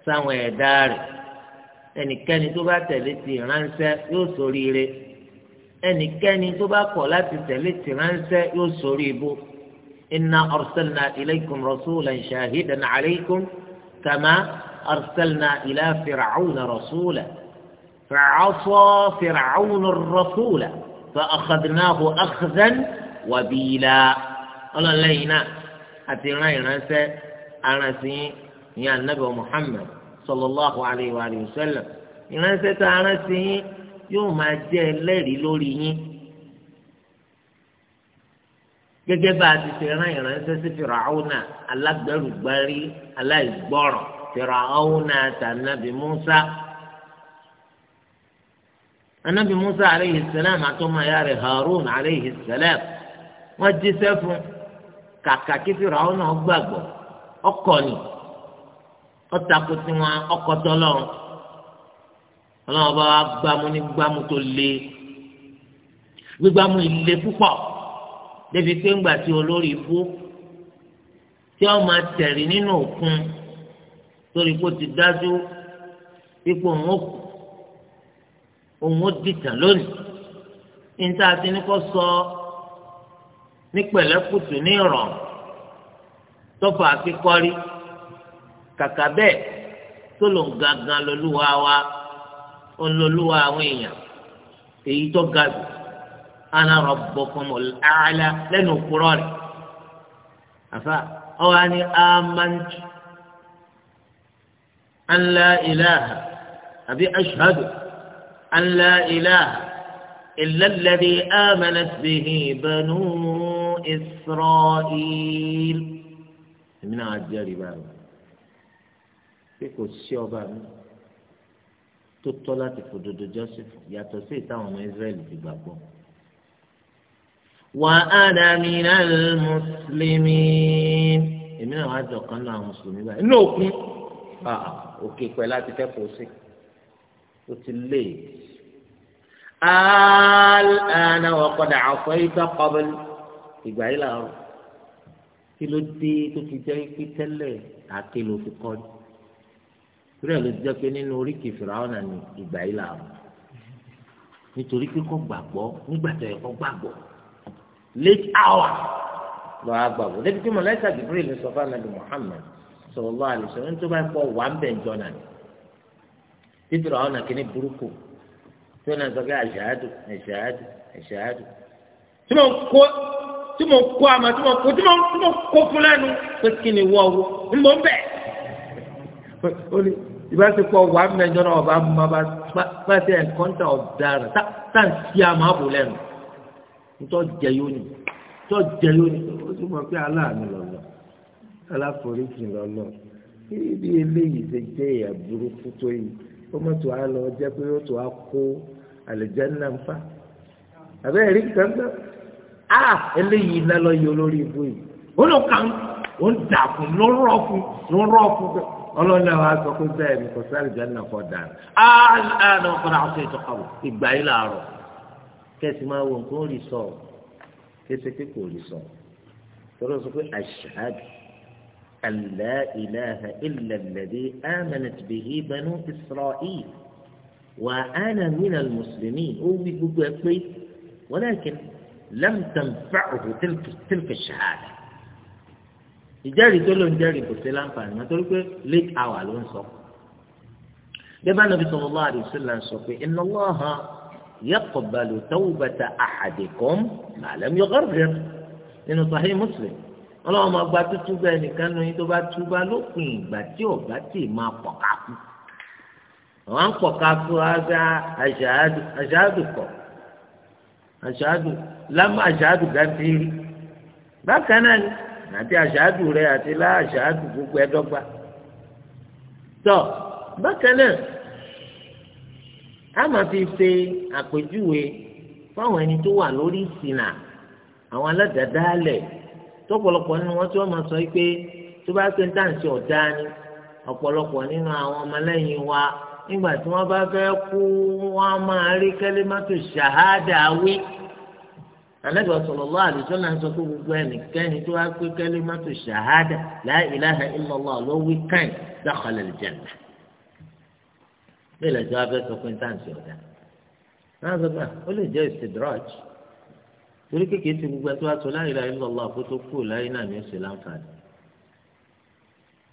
A: sáwọn ẹ̀dá rẹ̀ ẹnikẹ́ni tó bá tẹ̀lé ti ìránṣẹ́ yóò ṣoríire. So ẹnikẹ́ni tó bá kọ̀ láti tẹ̀lé tìránṣẹ́ yóò sórí ibú inna arsalna ilaykum rasulan shahidan alaykum kama arsalna ila fir'auna rasula fa'asa fir'auna rasula fa'akhadnahu akhdan wabila ọlọ́lẹ́yìn náà àti ìran ìránṣẹ́ aránsìn ní anabi muhammad sallallahu alayhi wa sallam ìránṣẹ́ tó aránsìn yìí. yóò máa jẹ́ ẹlẹ́rìí lórí yín gẹ́gẹ́ bá a ti ṣe rán ìránṣẹ́ sí fìràhónà alágbẹrùgbárí aláìgbọràn fìràhónà tànàbí Musa anabi Musa aleyhi salam àtọmọ ya rẹ̀ Harun aleyhi salam wọ́n jíṣẹ́ fún kàkà kí fìràhónà gbàgbọ́ ọkọ ni ọtakùtì wọn ọkọ ọlọ́run bá wa gbámú ní gbámú tó le gbígbámú ilé púpọ̀ débi pé ńgbà tí olórí ibú tí wọ́n máa tẹ̀rí nínú òkun torí kó ti dájú pípọ̀ òun ó òun ó dìtàn lónìí níta ti ní kó sọ ní pẹ̀lẹ́kùtù ní ìrọ̀rùn tọ́fà akíkọ́rí kàkà bẹ́ẹ̀ tó lòun gangan lolúwa wa. wa olólùwà àwọn èèyàn èyí tó ga jù ana rabbukumul a'la lẹ́nu kúrọ́ rẹ̀ àfa ọwọ́ ni amantu an la ilaha àbí ashhadu an la ilaha illa alladhi amanat bihi banu isra'il èmi náà jẹ́rìí báyìí pé kò sí ọba mi. tó tọ́ láti fòdodo jọ́sìn yàtọ̀ sí ìtàwọn ọmọ Ísírẹ́lì ti gbàgbọ́. wà á dà mí náà mùsùlùmí èmi náà wá jọ kan náà mùsùlùmí báyìí inú òkun òkè pẹ̀ láti kẹ́kọ̀ọ́ sí ó ti lé e. àlànà ọ̀kadà àfọ̀ ìgbà ìgbà yìí làwọn kí ló dé tó fi jẹ́ pé tẹ́lẹ̀ àkè ló fi torí ẹ ló jẹ́ pé nínú oríkì fìràwọnà ní ìgbà yìí là wọn nítorí pé kò gbàgbọ́ nígbà tó yẹ kó gbàgbọ́ late hour lọ á gbàgbọ́ débi tí mọlẹsà Jibril sọ fún anabi Muhammad sallallahu alaihi wasallam tó bá kọ wà ń bẹ ń jọnà ni títí fìràwọnà kìíní burúkú tó náà sọ pé àṣàádù àṣàádù àṣàádù tí mo kó tí mo kó àmọ́ tí mo kó tí
B: mo kó fún
A: pé kí ni wọ́ọ̀wọ́ ń bọ̀ ń bẹ̀ ìbáṣepọ̀ wà mẹ́jọ náà ọba bá ṣe ẹ̀kọ́ńtà ọ̀daràn táǹtì àmọ́ àbò lẹ́nu tó jẹ yóò ní tó jẹ yóò ní ó tún mọ̀ pé aláàánú lọ́lọ́ aláforíjì lọ́lọ́ ibi eléyìí ṣe jẹ́ ìyà burúkú tó yìí ó mọ̀ tó á lọ jẹ́ pé ó tó á kó àlùjánnà ń fà
B: àbẹ́rẹ́ rí nǹkan náà á eléyìí lálọ́ yìí olórí ibú
A: yìí ó lọ kàn ó ń dà fún ló fún ló fún bẹ́ẹ̀. ọlọ́dà wa sọ pé bẹ́ẹ̀ ni kò sáré jẹ́nà kọ́ dànù àánú ọkùnrin àti ìtọ́kọ̀wò ìgbà yìí làárọ̀ kẹ́sì máa wo nǹkan rí sọ kẹ́sì pé kò rí sọ tọ́lọ́ sọ pé àṣàdù àlá ìlàhà ìlàlẹ́dẹ́ amanat bihi banu isra'il wà ánà minal mùsùlùmí ó wí gbogbo ẹ pé walakin lam tanfa'uhu tilka shahada. ìjẹ́rìí tó ló ń jẹ́rìí kò sí láǹfààní wọn torí pé late hour ló ń sọ. bẹ́ẹ̀ nàbí sallallahu alaihi wasallam sọ pé inna Allaha yaqbalu tawbata ahadikum ma lam yughargir nínú Sahih Muslim ọlọ́wọ́n máa gba tútúbà ẹnìkan nu yín tó bá túbà lópin ìgbà tí ọ̀gá tì máa pọ̀ káfú àwọn pọ̀ káfú ága àṣàádù kọ̀ àṣàádù àti àṣáàdù rẹ àti láàṣáàdù gbogbo ẹ dọ́gba tọ bákan náà a máa fi ṣe àpèjúwe fáwọn ẹni tó wà lórí ìsìnà àwọn aládàádáálẹ̀ tọ́pọ̀lọpọ̀ nínú wọn tí wọ́n máa sọ pé tó bá ṣe ń dáǹsì ọ̀dá ni ọ̀pọ̀lọpọ̀ nínú àwọn ọmọlẹ́yìn wa nígbà tí wọ́n bá fẹ́ kú wọ́n máa rí kẹ́lẹ́mátò ṣàhádà wí. anagbà sallallahu alaihi wasallam sọ pé gbogbo ẹnikẹ́ni tó wá pé kalimatu shahada la ilaha illallah ló wí kàn dakhala aljanna bẹ́ẹ̀ lẹ́jọ́ abẹ́ sọ pé táǹsì ọ̀dà náà sọ pé ah, ó lè jẹ́ istidraj torí kékeré ti gbogbo ẹ wá sọ la ilaha illallah kó kú láyé náà ní oṣù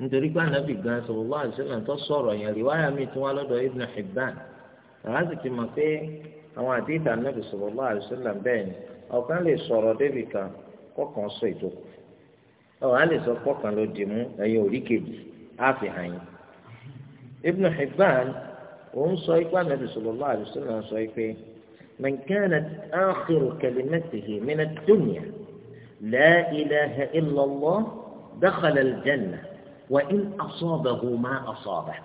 A: nítorí pé anabi gan tó yẹn mi ọ̀kan lè sọ̀rọ̀ débì kan kọ́kàn sọ ọ̀ ọ̀hán lè sọ kọ́kàn ló dì mú ẹ̀yin oríkèjì kejì á fi hàn yín. ibnu Hibban òun sọ ipá nàbì sallallahu alaihi wasallam sọ pé man kanat akhiru kalimatihi min ad-dunya la ilaha illa Allah dakhala al-janna wa in hù ma asabahu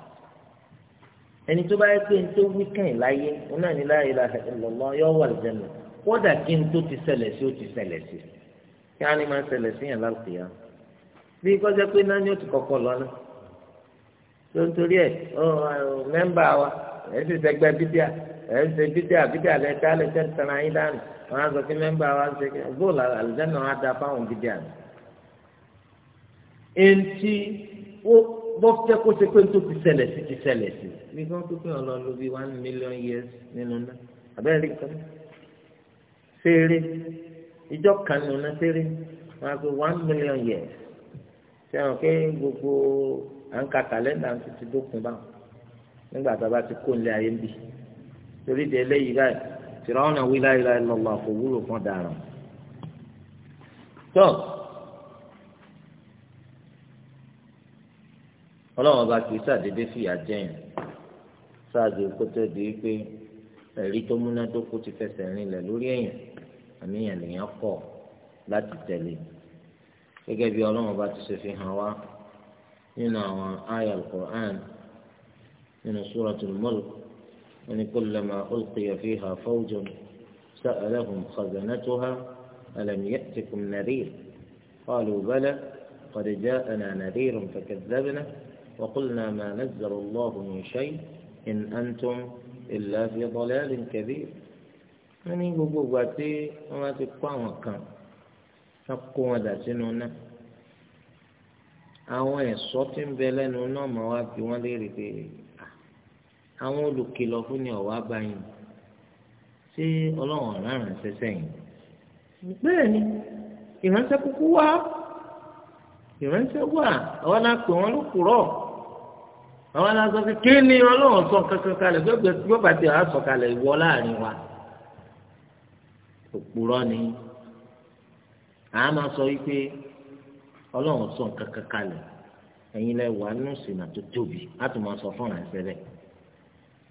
A: ẹni tó bá yẹ pé ní tó wí kẹ́yìn láyé òun náà ní láyé ilaha illa Allah yóò wà al-janna. kódà kí n tó ti ṣẹlẹ̀ sí ó ti ṣẹlẹ̀ sí kí á ní máa ṣẹlẹ̀ sí yàn láti yá bí kọjá pé náà ni ó ti kọ́kọ́ lọ náà tó ń torí ẹ̀ mẹ́mbà wa ẹ̀ sì sẹ́gbẹ́ bídíà ẹ̀ ń ṣe bídíà bídíà lẹ́ka lẹ́ka ń tẹ̀ra yín dànù wọn á sọ pé mẹ́mbà wa ń ṣe bóòlù àlùjáná á da fáwọn bídíà ni. eŋti ó bọ́ fẹ́ kó ṣe pé tó ti ṣẹlẹ̀ sí ti ṣẹlẹ̀ sí. bí wọ́n tó pé ọlọ́run ló bí one million years nínú náà àbẹ́rẹ́ kan náà fèrè ìjọ kan nùnà fèrè wọn á pé one million years sẹ́wọ̀n pé gbogbo à ń ka kàlẹ́ndà ń tuntun dókun báwọn nígbà tá a bá ti kó nílé ayé ń bì torí de eléyìí báyìí tìrọ̀nà wí la ilaha illallah kò wúlò fún ọ̀daràn. tó ọlọ́run ọba kì sàdédé fìyà jẹ́yìn ṣáàjú kó tó di pé ẹ̀rí tó múnádókó ti fẹsẹ̀ rinlẹ̀ lórí èèyàn. àníyàn lèèyàn kọ̀ láti tẹ̀lé gẹ́gẹ́ bí ọlọ́run bá ti ṣe fi hàn wá nínú àwọn àyà alukur'an nínú suratul mulk wọn ni kullama ulqiya fiha fawjun sa'alahum khazanatuha alam ya'tikum nadhir qalu bala qad ja'ana nadhirun fakadhabna وقلنا ما نزل الله من شيء إن أنتم إلا في ضلال كبير wọ́n ní gbogbo ìgbà tí wọ́n bá ti kó àwọn kan wọ́n kó wọn dà sínú náà àwọn ẹ̀ṣọ́ tí ń bẹ lẹ́nu náà mọ̀ wá bí wọ́n léèrè pé àwọn olùkìlọ̀ fún ni ọ̀wá báyìí ṣé ọlọ́run ọ̀ràn ṣẹṣẹ yìí bẹ́ẹ̀ ni ìránṣẹ́ kúkú wá ìránṣẹ́ wà àwọn alápè wọn ló kúrọ̀ àwọn aláṣọ fi kí ni ọlọ́run sọ kankan kalẹ̀ gbọ́dọ̀ gbọ́dọ̀ àti àṣọ kalẹ̀ ìwọ láàrin wa. òpùrọ́ ni àá máa sọ wípé ọlọ́run sọ nǹkan kankan lẹ̀ ẹ̀yin lẹ wà nínú ìsìnà tó tóbi láti máa sọ fún ìrànṣẹ́ rẹ̀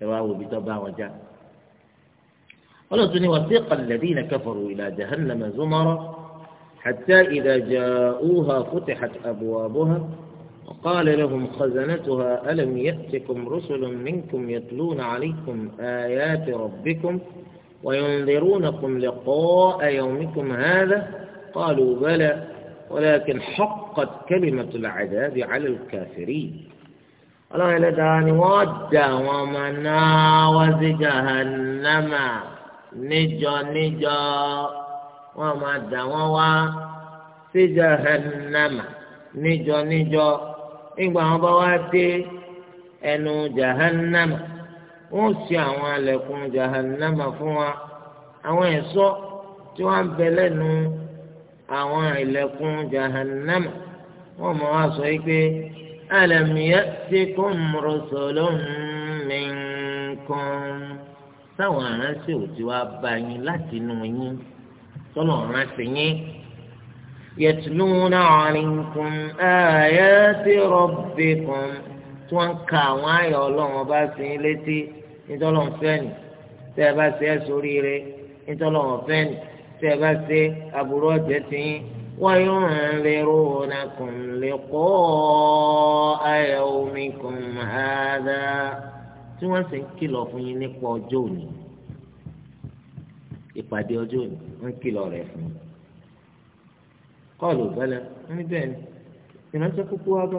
A: ẹ wá wo ibi tó bá wọn já ọlọ́tún ni wọ́n ti wasiqa alladhina fọ̀rọ̀ ila jahannama zumara hatta idha ja'uha futihat abwabuha وقال لهم خزنتها ألم يأتكم رسل منكم يتلون عليكم آيات ربكم وينذرونكم لقاء يومكم هذا قالوا بلى ولكن حقت كلمة العذاب على الكافرين الله يلدان ودى ومنا وزجهنما نجا نجا ومدى ووا سجهنما نجا نجا إن بها بواتي إنو جهنم wọ́n ṣe àwọn alẹ̀kùn jahannama fún wa àwọn ẹ̀ṣọ́ tí wọ́n ń bẹ lẹ́nu àwọn ilẹ̀kùn jahannama wọ́n mọ̀ wá sọ yìí pé alam ya'tikum rusulun minkum táwọn aránṣẹ́ òtí wa bá yín láti nù yín tọ́lọ̀ ránṣẹ́ yín. يتلون عليكم آيات ربكم tí wọ́n ń ka àwọn ayọ̀ ọlọ́run ọba sí i létí nítorí wọn fẹ́ ni tẹ́ ẹ bá ṣe é sórí rẹ nítorí wọn fẹ́ ni tẹ́ ẹ bá ṣe àbúrò ọ̀jẹ̀ ti yín wọ́n yóò hàn lè rò nàkùn lè kọ́ ayẹwo mi kùn hàdá tí wọ́n sì ń kìlọ̀ fún yín nípa ọjọ́ òní ìpàdé ọjọ́ òní ń kìlọ̀ rẹ̀ fún yín kọ́ọ̀lù bẹ́lẹ̀ ń bẹ́ẹ̀ ni ìrántí kúkú wá bá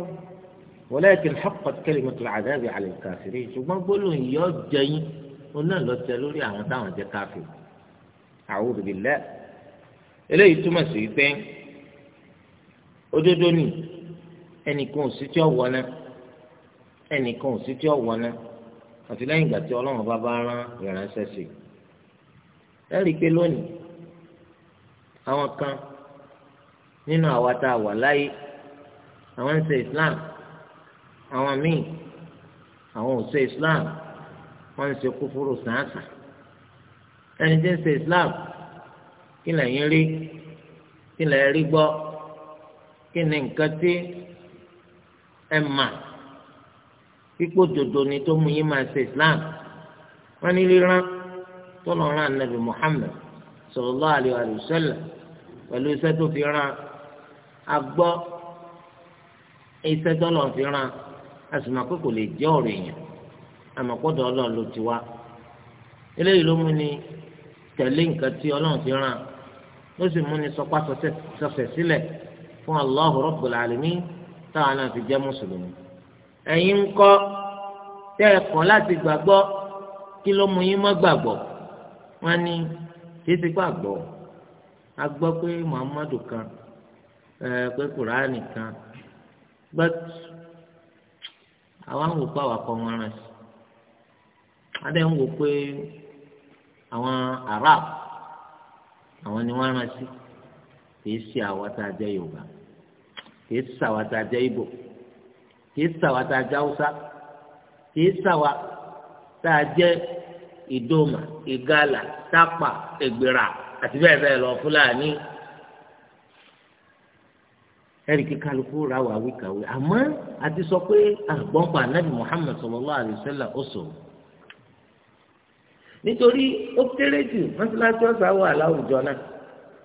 A: ولكن حقت كلمة العذاب على الكافرين ṣùgbọ́n gbólóhùn yìí ó jẹ yín òun náà lọ tẹ lórí àwọn táwọn jẹ káfíìn A'udhu billah eléyìí túmọ̀ sí pé òdodo ni ẹnìkan ò sí tí ó wọná ẹnìkan ò sí tí ó wọná àti lẹ́yìn ìgbà tí ọlọ́run bá bá rán ìránṣẹ́ sí i lẹ́rìí pé lónìí àwọn kan nínú àwa tá a wà láyé àwọn ń ṣe Islam àwọn míì àwọn ò ṣe islam wọ́n ń ṣe kúfúrú sàǹsà ẹni tí ń ṣe islam kí lẹ́yìn rí kí lẹ́yìn rí gbọ́ kí ni nǹkan tí ẹ mà pípò dòdò ni tó mú yín máa ṣe islam wọ́n ní ríran tó lọ rán anabi muhammed sallallahu alaihi wa sallam pẹ̀lú iṣẹ́ tó fi rán agbọ́ iṣẹ́ tó lọ fi rán. àsùnmọ̀ pé kò lè jẹ́ ọ̀rọ̀ èèyàn àmọ̀pọ̀dọ̀ ọlọ́run ló ti wá eléyìí ló mú ni tẹ̀lé nǹkan tí ọlọ́run ti ràn ló sì mú ni sọpá sọsẹ̀ sílẹ̀ fún táwọn náà fi jẹ́ mùsùlùmí ẹ̀yin ń kọ́ tẹ́ ẹ kọ́ láti gbàgbọ́ kí ló mú yín a Muhammadu kan ẹ pé Kùránì kan àwọn àwọn òkú àwàkọ wọn rẹ adé ń wò pé àwọn arab àwọn ni wọn rán sí kìí ṣe àwa tá a jẹ yorùbá kìí ṣe àwa tá a jẹ ìgbò kìí ṣe àwa tá a jẹ haúsá kìí ṣe àwa tá a jẹ ìdòmà ìgalà tápà ègbèrà àti bẹ́ẹ̀ bẹ́ẹ̀ lọ fúlàní ẹ̀ríkì kálukú ra wà wíkàwé àmọ́ àti sọ pé àgbọ̀npọ̀ anábì Muhammad sallallahu alaihi wasallam ó sọ̀rọ̀ nítorí ó kéré jù mọ́sálásí ọ̀sán wà láwùjọ náà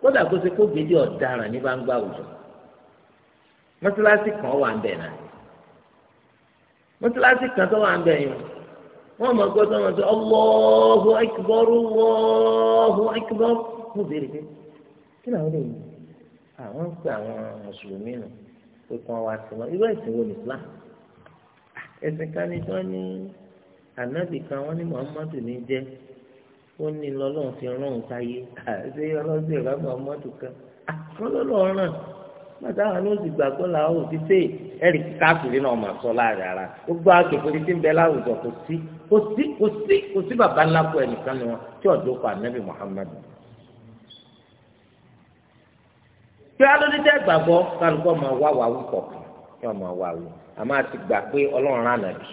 A: kódà kó ṣe kó gbèdé ọ̀daràn ní bá ń gbà àwùjọ mọ́sálásí kan wà ń bẹ̀ náà mọ́sálásí kan tó wà ń bẹ̀ yìí wọ́n mọ̀ gbọ́dọ̀ wọn sọ Allahu akbar Allahu akbar kó béèrè pé kí àwọn ń pè àwọn mùsùlùmí nù pé kí wọ́n wá sí wọn irú ẹ̀sìn wo ní Islam ẹ̀sìn kan ní tí wọ́n ní ànábì kan wọ́n ní Muhammadu ní jẹ́ ó ní lọ́lọ́run fi rán òun sáyé àti ọlọ́sìn ìrọ̀ Muhammadu kan àkọlọ́lọ́ ah, ràn mọ̀tà àwọn ló sì gbàgbọ́ làwọn ò ti fẹ́ ẹ̀rì káàkiri náà mà sọ láàrin ara ó gbọ́ akékeré tí ń bẹ láwùjọ kò sí kò sí kò sí kò sí bàbá ńlá kó ẹnìkan ni wọn tí ọ̀dọ́ kọ ànábì Muhammadu pé alódìtẹ gbàgbọ́ kálukọ máa wá wà wù yóò máa wà wù gbà pé Ọlọ́run rán ànàbì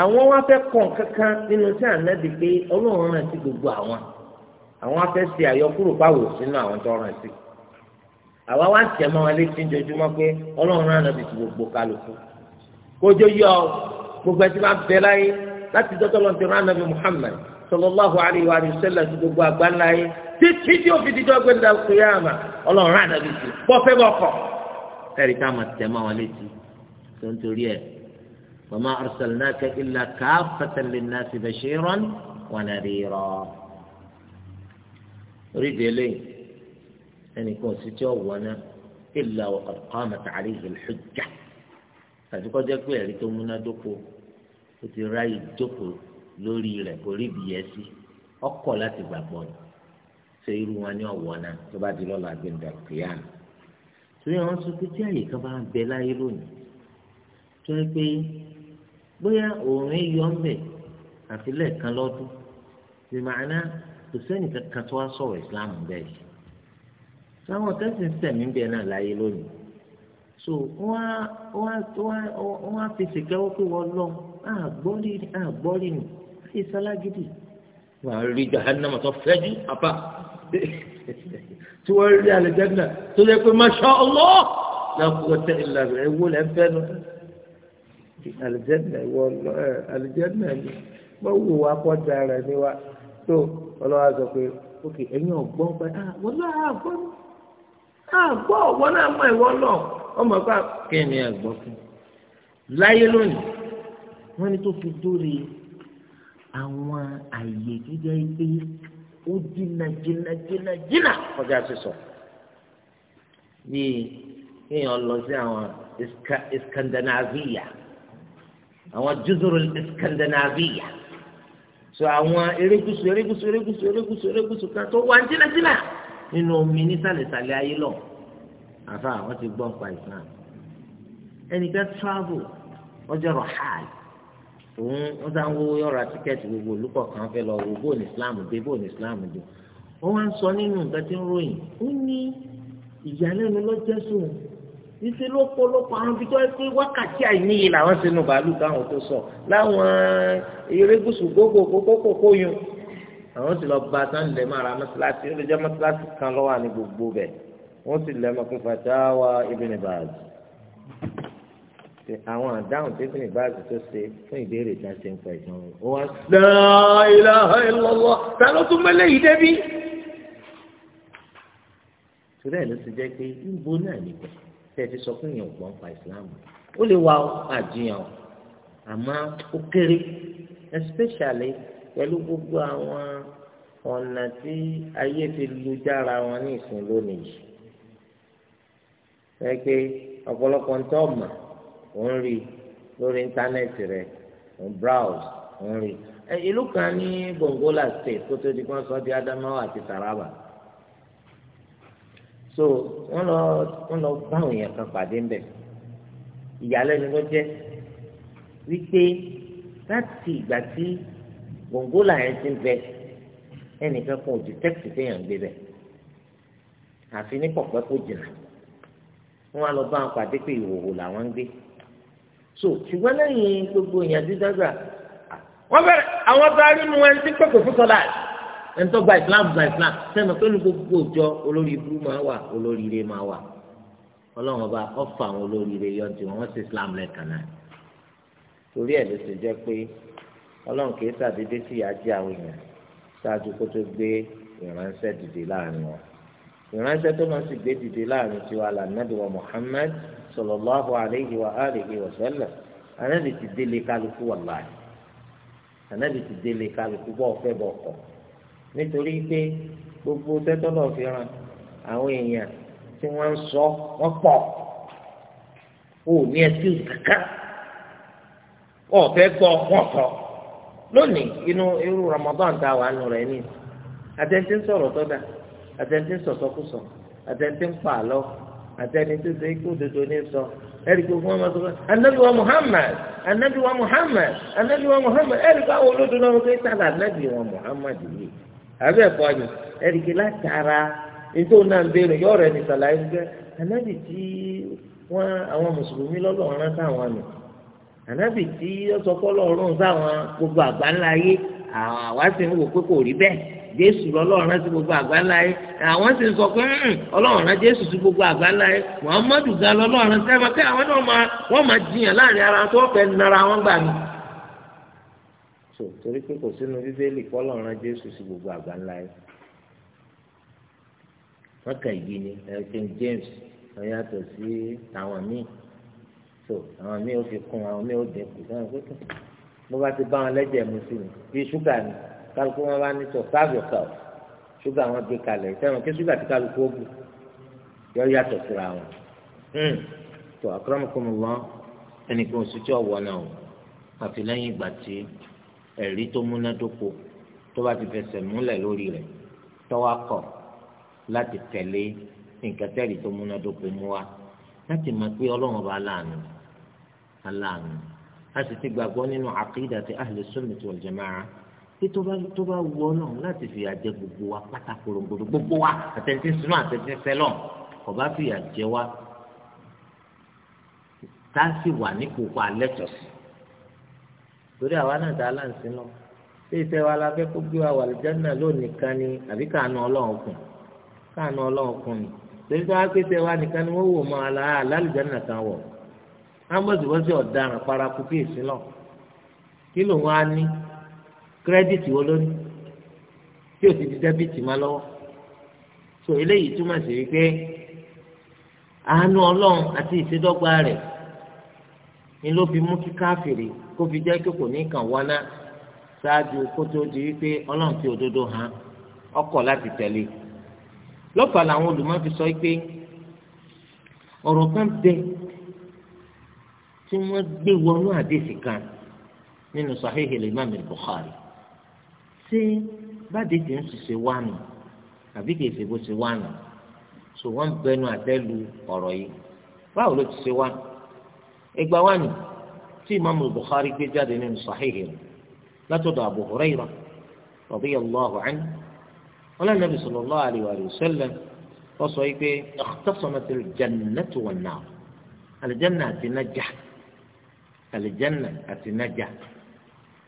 A: àwọn wá fẹ́ kàn kankan nínú tí pé gbogbo àwọn àwọn ṣe àyọkúrò báwò sínú àwọn tó sí àwa wá wọn létí pé sí gbogbo kójó yọ gbogbo ẹtí máa bẹ láyé láti dọ́tọ́ lọ́n ti gbogbo títí tí ó fi dijọ́ gbé nígbà tó yá àmà ọlọ́run àdàbí sí bọ́ fẹ́ bọ́ kọ̀ kẹ́rì ká máa tẹ̀ máa wọn létí tó ń torí ẹ̀ wa ma arsalnaka illa kaffatan linnasi bashiran wa nadhira orí ìdílé ẹnìkan ò sí tí ó wọ náà illa wa qad qamat alayhi al àti kọjá pé ẹ̀rí tó múnádóko ó ti ráyè jókòó lórí rẹ̀ kò rí ibi yẹn sí ọkọ̀ láti gbàgbọ́ ni ṣe irú wọn ní ọ̀wọ́ náà tó bá di lọ́la gbẹ̀ndà kìíyàn. torí àwọn sọ pé tí àyè kan bá ń bẹ láyé lónìí tó ń pé bóyá òórùn yọ ń bẹ̀ àti lẹ́ẹ̀kan lọ́dún bí màánà kò sẹ́ni kankan tó wá sọ̀rọ̀ ìsìláàmù bẹ́ẹ̀ yìí. táwọn kẹ́sìn sẹ̀mí bẹ́ẹ̀ náà láyé lónìí so wọ́n á fi ṣèkẹ́wọ́ pé wọ́n lọ àgbọ́rí ni àìsàn lágídì wọ́n rí jahannama tó fẹ́jú apá tí wọ́n rí alẹ́jẹ́nà tó lè pe masha allah lakuwata ìlànà ẹ̀wọ́ lẹ́ fẹ́ nu alẹ́jẹ́nà ẹ̀wọ́ alẹ́jẹ́nà ni wọ́n wù wá kọ́ dára ni wa tó ọlọ́wà sọ pé ok ẹ̀yin ọ̀gbọ́n pẹ́ ah wọ́n náà àgbọ́n náà àgbọ́ wọ́n náà mọ ìwọ náà ọmọ ẹ̀kọ́ kẹ́ni àgbọ̀ fún láyé lónìí wọ́n ní tó fi dórí àwọn àyè tó jẹ́ pé ó jìnnà jìnnà jìnnà jìnnà kọjá sísọ bíi kéèyàn lọ sí àwọn iskandinavia, àwọn jùzọrọ iskandinavia. so àwọn erékùsù erékùsù erékùsù erékùsù erékùsù kan tó wà jìnnà jìnnà nínú omi nísàlẹ̀sàlẹ̀ ayé lọ àfa àwọn ti gbọ́n pa Islam ẹnìkan travel ọjọ́ rọ̀ hàlì òun wọn sá ń wo yọra tíkẹ́ẹ̀tì gbogbo olùkọ́ kan fẹ́ lọ wo bó ní islam dé bó ní islam dé wọn wá ń sọ nínú nǹkan tí ń ròyìn ó ní ìyàlẹ́nu ló jẹ́ sóun ìṣe lọ́pọ̀lọpọ̀ àwọn ibi tó ẹ pé wákàtí àìníye làwọn sínú bàálù káwọn tó sọ láwọn erégùsù gbogbo kókókókó yun àwọn sì lọ bá sàn lẹ máa ra mọ́sálásí ó lè jẹ́ mọ́sálásí kan lọ́wọ́ àní gbogbo bẹ̀ wọ́n sì lẹ́ mọ́ pé fatawa Ibn Baz àwọn àdáhùn tó fi ìbáàzì tó ṣe fún ìbéèrè tá a ṣe ń pa ìtàn wọn. ó wá
B: la ilaha illallah ta ló tún mẹ́lẹ̀ yìí débi.
A: torí ẹ̀ ló ti jẹ́ pé níbo náà nìkan tẹ́ ẹ ti sọ fún èèyàn ọ̀gbọ́n pa ìsìláàmù ó lè wá àjiyàn àmọ́ ó kéré especially pẹ̀lú gbogbo àwọn ọ̀nà tí ayé ti lu jára wọn ní ìsìn lónìí yìí. pé ọ̀pọ̀lọpọ̀ ń tọ́ ọ̀mà òun rí lórí íńtánẹ́ẹ̀tì rẹ òun browse òun rí ìlú kan ní Bongola state kó tó di kan sọ di Adamawa àti Taraba so wọn lọ wọn lọ bá àwọn èèyàn kan pàdé ńbẹ ìyàlẹ́nu ló jẹ́ wípé láti ìgbà tí gbòǹgólà yẹn ti ń bẹ ẹnìkan kan ò ju tẹ́kìtì téèyàn ń gbé bẹ̀ àfi ní pọ̀pẹ́ kó jìnnà wọn á lọ bá wọn pàdé pé ìhòòhò làwọn ń gbé so ṣùgbọ́n lẹ́yìn gbogbo èèyàn dídágbà wọ́n bẹ̀rẹ̀ àwọn bá rí nu ẹni tí pẹ̀kọ̀ fún sọ́lá ẹni tó gba islam gba islam sẹ́nu pé ní gbogbo òjọ olórí ibú máa wà olórí ire máa wà ọlọ́run ọba ọ̀fà àwọn olórí ire yọ ti wọn wọ́n sì islam lẹ́ẹ̀kan náà torí ẹ̀ ló ṣe jẹ́ pé ọlọ́run kì í ṣàdédé sí ìyájí àwọn èèyàn ṣáájú kó tó gbé ìránṣẹ́ dìde láàrin wọn ìránṣẹ́ tó máa sì gbé dìde láàrin tiwa lànà sallallahu alayhi wa alihi wa sallam anabi ti délé kálukú wàláyé anabi ti délé kálukú bọ́ ọ̀fẹ́ bọ́ ọkọ̀ nítorí pé gbogbo tẹ́tọ́lọ̀ fi ran àwọn èèyàn tí wọ́n ń sọ wọ́n pọ̀ ò ní ẹtí kankan
B: ọ̀fẹ́ gbọ́ wọ́n
A: lónìí inú irú Ramadan tá a wà nù rẹ̀ ní àtẹ̀ntì ń sọ̀rọ̀ tọ́da àtẹ̀ntì ń sọ̀sọ́kùsọ̀ àtẹ̀ntì ń pa àlọ́ àtẹni tó ṣe ikú dodo ní sọ ẹ̀rí gbogbo wọn máa sọ fún anabi wa muhammad anabi wa muhammad anabi wa muhammad ẹ̀rí kó àwọn olódò náà wọ́n ké tààlà anabi wa muhammad yìí àbẹ́ ẹ̀kọ́ ni ẹ̀rí kí látara ètò náà ń bẹ̀rẹ̀ yọ ọ̀rẹ́ ní sàlàyé gbẹ́ anabi tí wọ́n àwọn mùsùlùmí lọ́dọ̀ wọn rántá àwọn àmì anabi tí ọ̀sọ́kọ́ lọ́ọ̀rùn sáwọn gbogbo àgbáńlá ayé àwa sì ń wò pé kò rí bẹ́ẹ̀ jésù lọ́lọ́run rán sí gbogbo àgbáńlá yé àwọn sì ń sọ pé hmm, ọlọ́run rán jésù sí gbogbo àgbáńlá yé muhammadu gan lọ́lọ́run rán sẹ́wọ̀n pé àwọn náà máa wọ́n máa jiyàn láàrin ara tó fẹ́ nara wọn gbà mí. so torí pé kò sínú bíbélì kọ́lọ́run rán jésù sí gbogbo àgbáńlá yé wọ́n kà yìí ni king james wọ́n yàtọ̀ sí àwọn míì so àwọn míì ó fi kún àwọn míì ó dínkù sọ́wọ́n pé bó bá ti bá wọn lẹ́jẹ̀ mu sí ni bí ṣúgà ni kálukú wọn bá ní sọ serve yourself ṣúgà wọn gbé kalẹ̀ sẹ́wọ̀n kí ṣúgà ti kálukú ó bù yọ yàtọ̀ síra wọn. Hmm. tó akramakumullah ẹnìkan oṣù tí ọ̀wọ́ náà o àfi lẹ́yìn ìgbà tí ẹ̀rí tó múnádóko tó bá ti fẹsẹ̀ múlẹ̀ lórí rẹ̀ tọ́wọ́ kọ̀ láti tẹ̀lé nǹkan tẹ́rì tó múnádóko mú wa láti mọ̀ pé ọlọ́run ọba aláàánú aláàánú a sì ti gbàgbọ́ nínú àkídà ti ahlus sunnah wal jamaa'ah pé tó bá tó bá wọ náà láti fìyà jẹ gbogbo wa pátá korongodo gbogbo wa àtẹ̀tí súnmọ́ àtẹ̀tí sẹ́lọ̀ kò bá fìyà jẹ wa tá a sì wà ní kókó alẹ́ tọ̀sí torí àwa náà dá aláǹsí náà ṣé iṣẹ́ wa la fẹ́ kó gbé wa wà lùjánà lónìí kan ni àbí káànù ọlọ́run kùn káànù ọlọ́run kùn ni torí táwa pé iṣẹ́ wa nìkan ni wọ́n wò mọ́ alálùjánà kan wọ̀ á ń bọ̀ sí wọ́n sí ọ̀daràn kí lòun á ní kírẹ́dìtì wo ló ní tí o ti di dẹ́bìtì má lọ́wọ́ so eléyìí túmọ̀ sí wípé àánú ọlọ́run àti ìṣèdọ́gba rẹ̀ ni ló fi mú kí káfìrí kó fi jẹ́ kí kò ní kàn wáná ṣáájú kó tó di wípé ọlọ́run fi òdodo hàn ọkọ̀ láti tẹ̀lé lọ́pàá làwọn olùmọ̀ fi sọ pé ọ̀rọ̀ kan bẹ tí wọ́n gbé wọnú àdéhìí kan nínú Sahih al-Imam al-Bukhari ṣé báde tí ń ṣiṣẹ́ wà nù àbí kìí ṣe bó ṣe wà nù so wọ́n bẹnu àtẹ́lu ọ̀rọ̀ yìí báwo ló ti ṣe wà nù ẹgbà wà nù tí imaamu Bukhari gbé jáde nínú Sahihi rẹ̀ látọ̀dọ̀ Abu Hurairah radiyallahu anhu ọlọ́run nàbì sallallahu alayhi wa sallam wọ́n sọ yìí pé ikhtasamatil jannatu wan nar àti nájà alìjẹ́nà àti nájà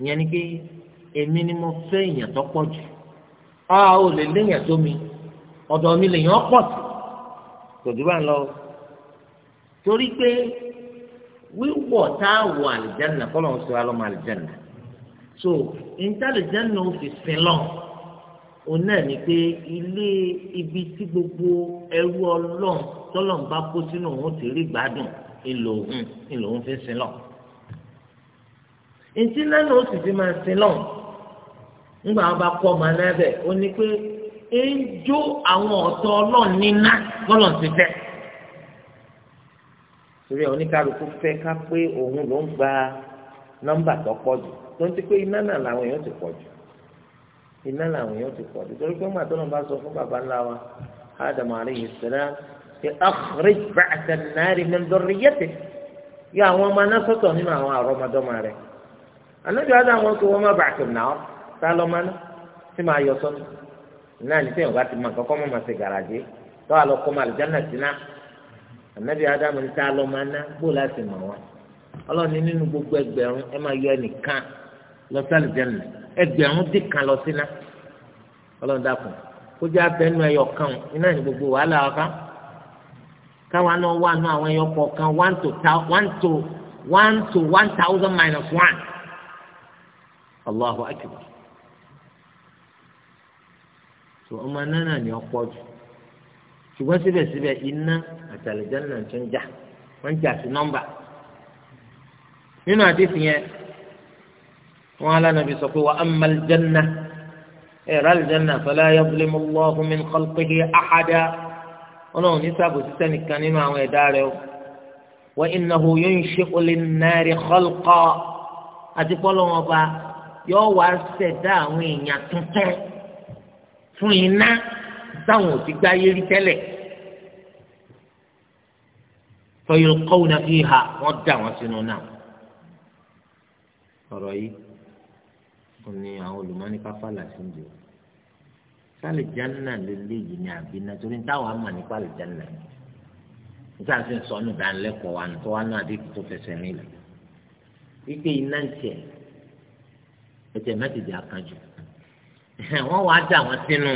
A: ìyẹn ni pé èmi ni mo fẹ́ èèyàn tó pọ̀ jù a ò lè léèyàn tó mi ọ̀dọ̀ mi lèèyàn pọ̀ sí kò dúró à o lọ torí pé wíwọ̀ tá a wọ àlìjáná kọ́lọ̀ ń sọ alọ́mọ àlìjáná so ìntàlìjáná ò fi sin lọ́hùn òun náà ni pé ilé ibi tí gbogbo ẹrú ọlọ́run tọ́lọ̀ ń bá kó sínú òun ti rí gbádùn ìlò òun ìlò òun fi sin lọ́hùn ìntìlẹ́nu ó sì fi máa sin lọ́hùn. ngba wọn kọ kọ́ e njo awọn àwọn ọ̀tọ̀ na níná ti fẹ́ torí ẹ oníkàlùkù fẹ́ ká pé òun ló ń gba nọ́mbà tó jù tó ń ti pé iná náà làwọn èèyàn ti pọ̀ jù iná làwọn èèyàn ti pọ̀ jù torí pé màtọ́ náà bá sọ fún bàbá ńlá wa ádámù alayhi salam ṣe akhrij ba'sa yọ àwọn ọmọ nínú àwọn kò má tá lọ máa ná tí máa yọ sọ́tù náà ní sẹ́yìn ọ̀gá ti máa kọ́kọ́ máa ṣe gàràjé tó wà lọ́kọ́ máa àlùjáná sí náà ànábì ádámù ní tá lọ máa ná bó láti mọ̀ wọn ọlọ́ni nínú gbogbo ẹgbẹ̀rún ẹ máa yọ ẹnìkan lọ sí àlùjáná ẹgbẹ̀rún dì kan lọ sí náà ọlọ́ni dàkùn kó jẹ́ abẹ́nu ẹyọ kan iná ní gbogbo wàhálà wa kan káwa náà wà nù àwọn ẹyọ kọ̀ọ̀kan one to one to one to one thousand minus one. Allahu tó ọmọ iná náà ni ọ̀pọ̀ jù ṣùgbọ́n síbẹ̀síbẹ̀ iná àtàlẹ́jọ́ náà tún jà wọ́n jà sí nọ́mbà nínú àdéhùn yẹn wọn alánàbí sọ pé wà á màlìjánná ẹ̀rọ àlìjánná fala yadhlimu Allahu min khalqihi ahada ọlọ́run ní sábò sísẹ́ nìkan nínú àwọn ẹ̀dá rẹ̀ o wa innahu yunshi'u lin-nari khalqa àti pọ́lọ́wọ́n ọba yóò wá ṣẹ̀dá àwọn èèyàn tuntun fún iná táwọn ò ti gbá yé rí tẹ́lẹ̀ tọ́yọ̀ kọ́wọ́ náà fi hà wọ́n dà wọ́n sínú náà ọ̀rọ̀ yìí kò ní àwọn olùmọ́ni káfàlà sí ń jẹ́ sálì jánà lélẹ́yìí ni àbí náà torí táwọn àmà nípa àlè jánà nígbà tí ń ìdánilẹ́kọ̀ọ́ wa ní tọ́wọ́ náà dé tó fẹsẹ̀ nílẹ̀ wípé iná ń tiẹ̀ ẹ̀jẹ̀ mẹ́tẹ̀ẹ̀dẹ̀ akanjù wọ́n wàá dà wọ́n sínú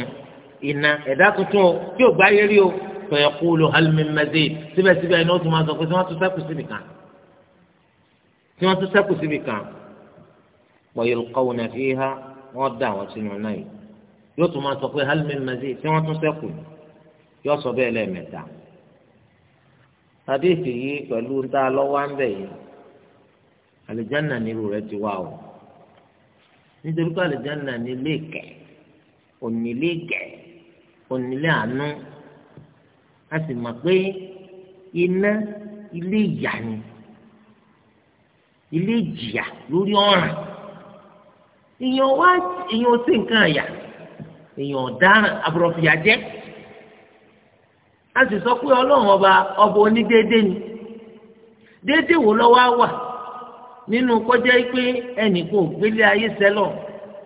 A: iná ẹ̀dá tuntun o tí ò gbáyé rí o tọ̀yọ̀ kú lo halimi mẹ́dẹ́ síbẹ̀síbẹ̀ iná ó tún máa sọ pé tí wọ́n tún sẹ́kù síbi kan tí wọ́n tún sẹ́kù síbi kan pọ̀yìlù kọ́wọ́ náà fi há wọ́n dà sínú náà yìí yóò tún máa sọ pé halimi mẹ́dẹ́ tí wọ́n tún sẹ́kù yóò sọ bẹ́ẹ̀ lẹ́ẹ̀mẹ́ta tàbí ìfìyí pẹ̀lú ń tá a lọ́wọ́ ń bẹ̀ yìí àlùjánnà nírú rẹ̀ ti wá o nítorí pé àlùjánnà ní ilé ìkẹ́ òní ilé ìkẹ́ òní ilé àánú a sì mọ̀ pé iná ilé ìyà ni ilé ìjìyà lórí ọ̀ràn èèyàn wá èèyàn sí nǹkan àyà èèyàn ọ̀daràn àbúrọ̀fìyà jẹ́ a sì sọ pé ọlọ́run ọba ọba onídéédé ni déédé wo lọ́wọ́ á wà. nínú kọjá pé ẹnì kò gbélé ayé sẹ́lọ̀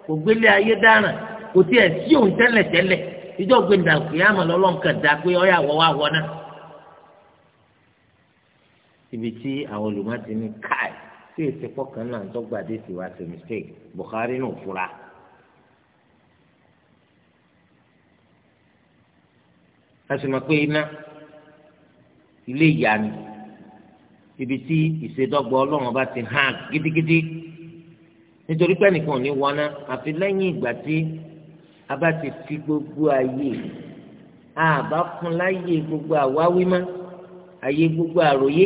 A: kò gbélé ayé dáràn kò tiẹ̀ sí òun tẹ́lẹ̀ tẹ́lẹ̀ ìjọ gbẹ̀ndà kìyàmà lọ́lọ́n kan dá pé ọ̀yà wọ́ wá wọ́n náà. ibi tí àwọn olùmọ̀ ti ní káì tí èsì pọ̀kan náà tó gbàdé sí wa ṣe mistake Bukhari náà fura. a sì mọ̀ pé iná ilé ìyá ni. ibi tí ìṣèdọ́gba ọlọ́run bá ti hàn gidigidi nítorí pé nìkan ò ní wọná àfi lẹ́yìn ìgbà tí a bá ti fi gbogbo ààyè àbá fún láyè gbogbo àwáwí mọ́ ààyè gbogbo àròyé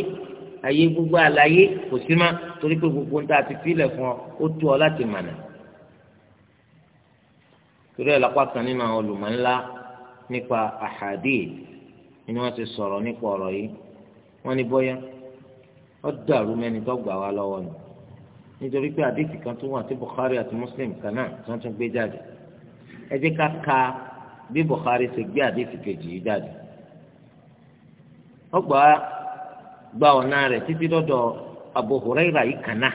A: ààyè gbogbo àlàyé kò sí mọ́ torí pé gbogbo ń tà ti filẹ̀ fún ọ ó tó ọ láti mànà. torí ẹ̀ lápá kan nínú àwọn olùmọ̀ nípa àhàdíì ni wọ́n ti sọ̀rọ̀ nípa ọ̀rọ̀ yìí wọ́n ní bọ́yá ó dàrú mẹ́ni tó gbà wá lọ́wọ́ ni nítorí pé àdìsí kan tó wà tí Bukhari àti Muslim kan náà tí wọ́n tún gbé jáde ẹ jẹ́ ká ka bí Bukhari ṣe gbé àdìsí kejì yìí jáde ó gba ọ̀nà rẹ̀ títí dọ́dọ̀ Abu yìí kan náà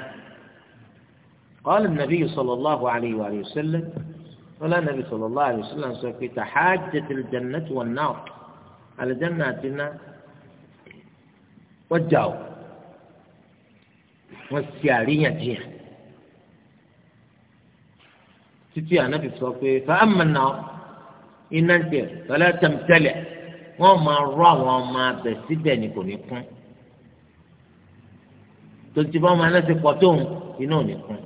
A: قال النبي صلى الله عليه وآله وسلم ولا النبي صلى الله عليه وسلم في تحاجة الجنة والنار على الجنة وجاو wọ́n ṣe àríyànjiyàn títí ànábì sọ pé fàámànà iná tiẹ̀ fẹlẹ́ tẹ̀mtẹ́lẹ̀ wọ́n máa rọ àwọn ọmọ abẹ síbẹ̀ ni kò ní kún tonti bá ọmọ anáṣẹ pọ̀ tóun iná ò ní kún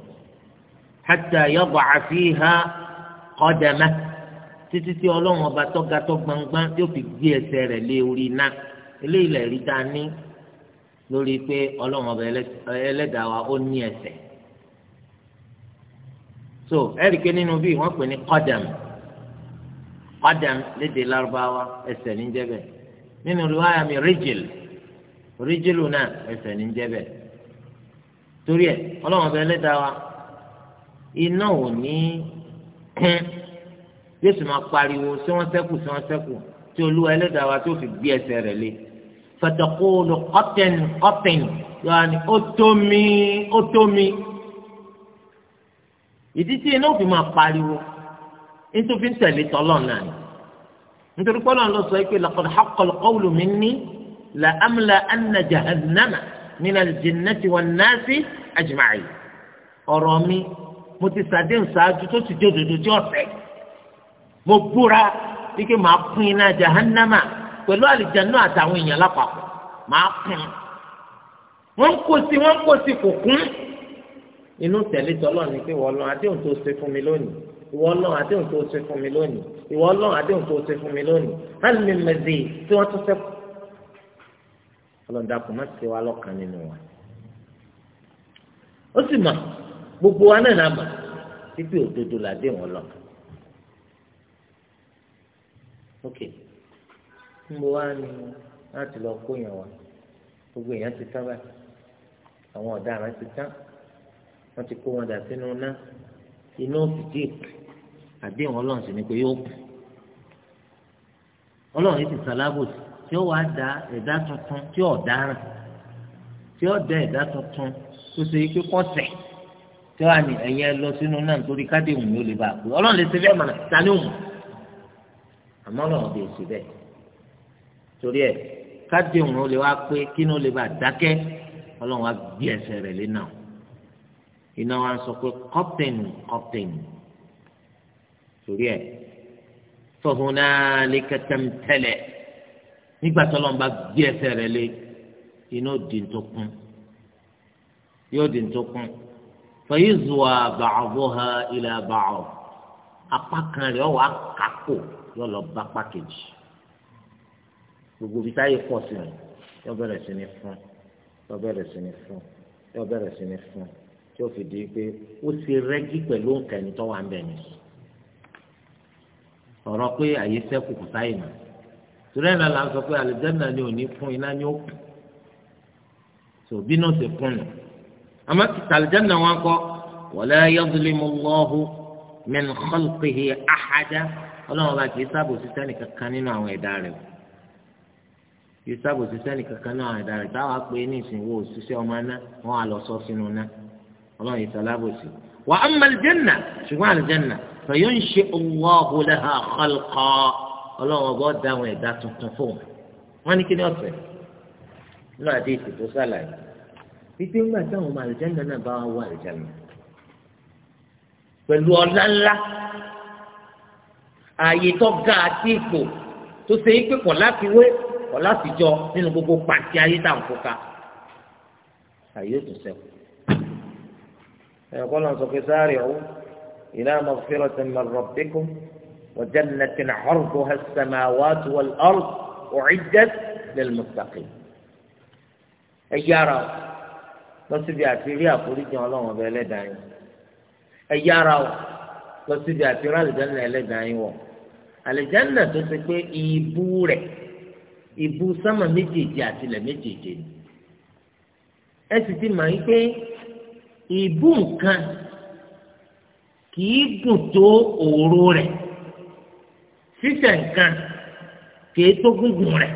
A: hàtà yọ̀bọ̀ àfihàn kọ́dẹ̀mẹ́ títí tí ọlọ́run ọba tọ́ga tó gbangba yóò fi gbé ẹsẹ̀ rẹ̀ lé orí iná eléyìí lẹ̀ rí lórí pé ọlọ́run ọba ẹlẹ́dàá wa ó ní ẹsẹ̀ so ẹ̀rí pé nínú bíi wọ́n pè ní qadam qadam lédè lárúbáwá ẹsẹ̀ ní jẹ́bẹ̀ nínú riwaya mi rijil rijil náà ẹsẹ̀ ní jẹ́bẹ̀ torí ẹ̀ ọlọ́run ọba ẹlẹ́dàá wa iná ò ní kún yóò sì máa pariwo sí wọ́n sẹ́kù sí wọ́n sẹ́kù tí olúwa ẹlẹ́dàá wa tó fi gbé ẹsẹ̀ rẹ̀ lé fatakulu kọtẹn kọtẹn yaani ó tó mi ó tó mi ìdí tí iná òfin máa pariwo nítorí tẹ̀lé tọ́lọ̀ náà ni nítorí pọ́lọ́ ń lọ sọ pé laqad haqqal qawlu minni la amla anna jahannama minal jinnati wan nasi ajma'i ọ̀rọ̀ mi mo ti sàdéhùn ṣáájú tó ti dé òdòdó tí ọ̀sẹ̀ mo búra wípé màá pín iná jahannama pẹ̀lú àlìjánu àtàwọn èèyàn lápapọ̀ máa kún wọn kò sí wọn kò sí kò kún inú tẹ̀lé tọ́lọ́ ni pé wọ́n lọ àdéhùn tó ṣe fún mi lónìí ìwọ lọ àdéhùn tó ṣe fún mi lónìí ìwọ lọ àdéhùn tó ṣe fún mi lónìí hàn mí mẹ́zì tí wọ́n tún sẹ́kù. ọlọ́dàkùn má ti wá lọ́kàn nínú wa. ó sì mà gbogbo wa náà nàmà títí òdodo làdéhùn ọlọ́kàn. okay mo wá ní láti lọ kó yẹn wá gbogbo èèyàn ti tán báyìí àwọn ọ̀daràn ti tán wọ́n ti kó wọn dà sínú ná iná òfìdí àbí àwọn ọlọ́run sì ni pé yóò kù ọlọ́run yìí ti sàlábòsì tí ó wàá da ẹ̀dá tuntun tí ó dáràn tí ó da ẹ̀dá tuntun tó ṣe yí pé kọ́ sẹ̀ tí ó wà ní ẹ̀yẹ lọ sínú náà nítorí kádé òun yóò lè bá a pé ọlọ́run lè ṣe bẹ́ẹ̀ mọ̀nà ta ni òun àmọ́ ọlọ́run bèè ṣe bẹ́ẹ̀ torí ẹ káde òun ó lè wá pé kínú lè bá dákẹ́ ọlọ́run wá gbé ẹsẹ̀ rẹ̀ lẹ́nà iná wa sọ pé kọ́pẹ́nì kọ́pẹ́nì torí ẹ fọ̀hún náà lè kẹtẹ́ ń tẹ́lẹ̀ nígbà tó lọ́n bá gbé ẹsẹ̀ rẹ̀ lé iná òdì tó kún yóò di tó kún fẹ̀yì zuwa bàbọ̀ ha ilẹ̀ bàbọ̀ apá kan rẹ̀ ọ̀ wá kàkó yóò lọ bá pàkejì gbogbo ibi táyé pọ̀ sí ni yóò bẹ̀rẹ̀ sí ni fún yóò bẹ̀rẹ̀ sí ni fún yóò bẹ̀rẹ̀ sí ni fún tí ó fi di pé ó ti rẹ́gí pẹ̀lú nǹkan ẹni tó wà ń bẹ̀ ni ọ̀rọ̀ pé àyè sẹ́kù kò sáyè mọ́ torí ẹ̀ náà la sọ pé àlùjánnà ni ò ní fún iná ni ó kù tó bí náà ti kún nù àmọ́ àlùjánnà wọn kọ́ wala yazlimu Allahu min khalqihi ahada ọlọ́run bá kì í sábò sí sẹ́nìkan kan nínú àwọn ẹ̀dá rẹ̀ o kì í sábò ṣiṣẹ́ nìkankan náà àdá rẹ̀ táwa pé ní ìsìnwó òṣìṣẹ́ ọmọ aná wọn á lọ sọ sínú ná ọlọ́run yìí sálábòsí. wà á mọ àlìjẹ́nà ṣùgbọ́n àlìjẹ́nà fẹ̀yọ́ ń ṣe ọwọ́ ọ̀húnlẹ̀ àkọlùkọ́ ọlọ́run ọgbọ́ da àwọn ẹ̀dá tuntun fún wọn. wọ́n ní kí ni ọ̀sẹ̀ nínú àdé ìsìnkú sàlàyé wípé ńgbà táwọn ọmọ àlìjẹ́nà náà bá wà àlìjẹ́nà pẹ̀lú ọ̀làfíjọ nínú gbogbo pàǹtí ayé tá à ń kó ka àyè ó tún sẹ́kù. ẹ̀rọ kọ́lọ̀ sọ pé sáré ọ̀hún ìlà mọ̀fẹ́rọ̀ tẹ̀ mọ̀ rọ̀bíkú وجنة عرضها السماوات والأرض أعدت للمتقين ẹ yára o lọ síbi àti rí àforíjì ọlọ́run ọba ẹlẹ́dàá yín ẹ yára o lọ síbi àti rí àlìjáná ẹlẹ́dàá yín wọ̀ àlìjáná tó ti pé ìbú rẹ̀ ìbú sámà méjèèjì àtìlẹ̀ méjèèjì ni ẹ sì ti mọ̀ yín pé ìbú nǹkan kìí gùn tó òòró rẹ̀ fífẹ̀ nǹkan kìí tó gúngùn rẹ̀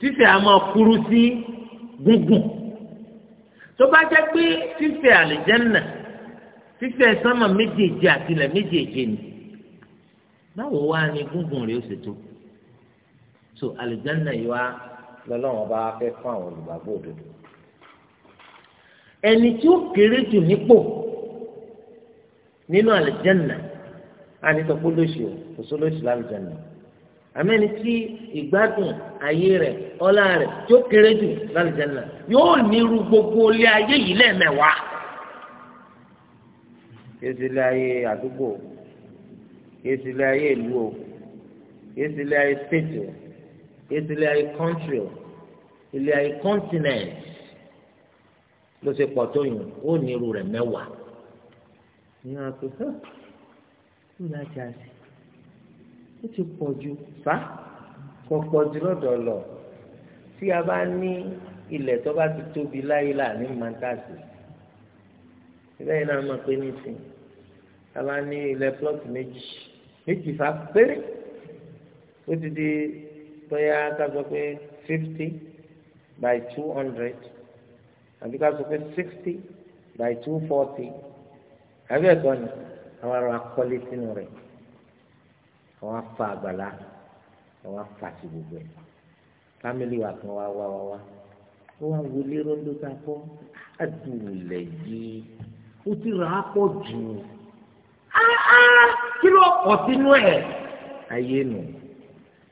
A: fífẹ̀ a kúrú sí gúngùn tó bá jẹ́ pé fífẹ̀ àlìjẹ́nà fífẹ̀ sámà méjèèjì àtìlẹ̀ méjèèjì ni báwo wá ní gúngùn rẹ̀ ó ṣètò so àlìjáná yìí wá lọ́lọ́wọ́n bá fẹ́ fún àwọn olùgbàgbọ́ òdodo ẹni tí ó kéré jù nípò nínú àlìjáná ànitọ́pọ̀ lóṣù kò sólóṣù lálìjáná àmẹ́ni tí ìgbádùn ayé rẹ̀ ọlá rẹ̀ tí ó kéré jù lálìjáná yóò nírú gbogbo ilé ayé yìí lẹ́ẹ̀mẹ́wàá kéésìlẹ ayé àdúgbò kéésìlẹ ayé ìlú o kéésìlẹ ayé stéètì o èsì ilé ayé kọ́ńtírì ilé ayé kọ́ńtínẹ̀ǹtì ló ṣe pọ̀ tó yùn ó ní irú rẹ̀ mẹ́wàá. ìyá àpò sọ ìyá ajá sí ó ti pọ̀ ju fa kò pọ̀ ju lọ́dọ̀ lọ tí a bá ní ilẹ̀ tó bá ti tóbi láyé là ní ìbẹ́ yìí náà mọ̀ pé nísìnyí a bá ní ilẹ̀ plọ́ọ̀tì méjì méjì fa péré ó ti di bóyá ká sọ pé fifty by two hundred àbí ká sọ pé sixty by two forty àbí ẹ̀kọ́ ni àwọn ará akọ́lé sínú rẹ̀ àwọn afa àgbàlá àwọn afa ti gbogbo ẹ̀ fámìlì wa kan wá wá wá wá ó wá wọlé rọ́ńdó tá a kọ́ àdùnlẹ̀ yìí ó ti rà á pọ̀ jù kí ló kọ̀ sínú ẹ̀ ayé nù. No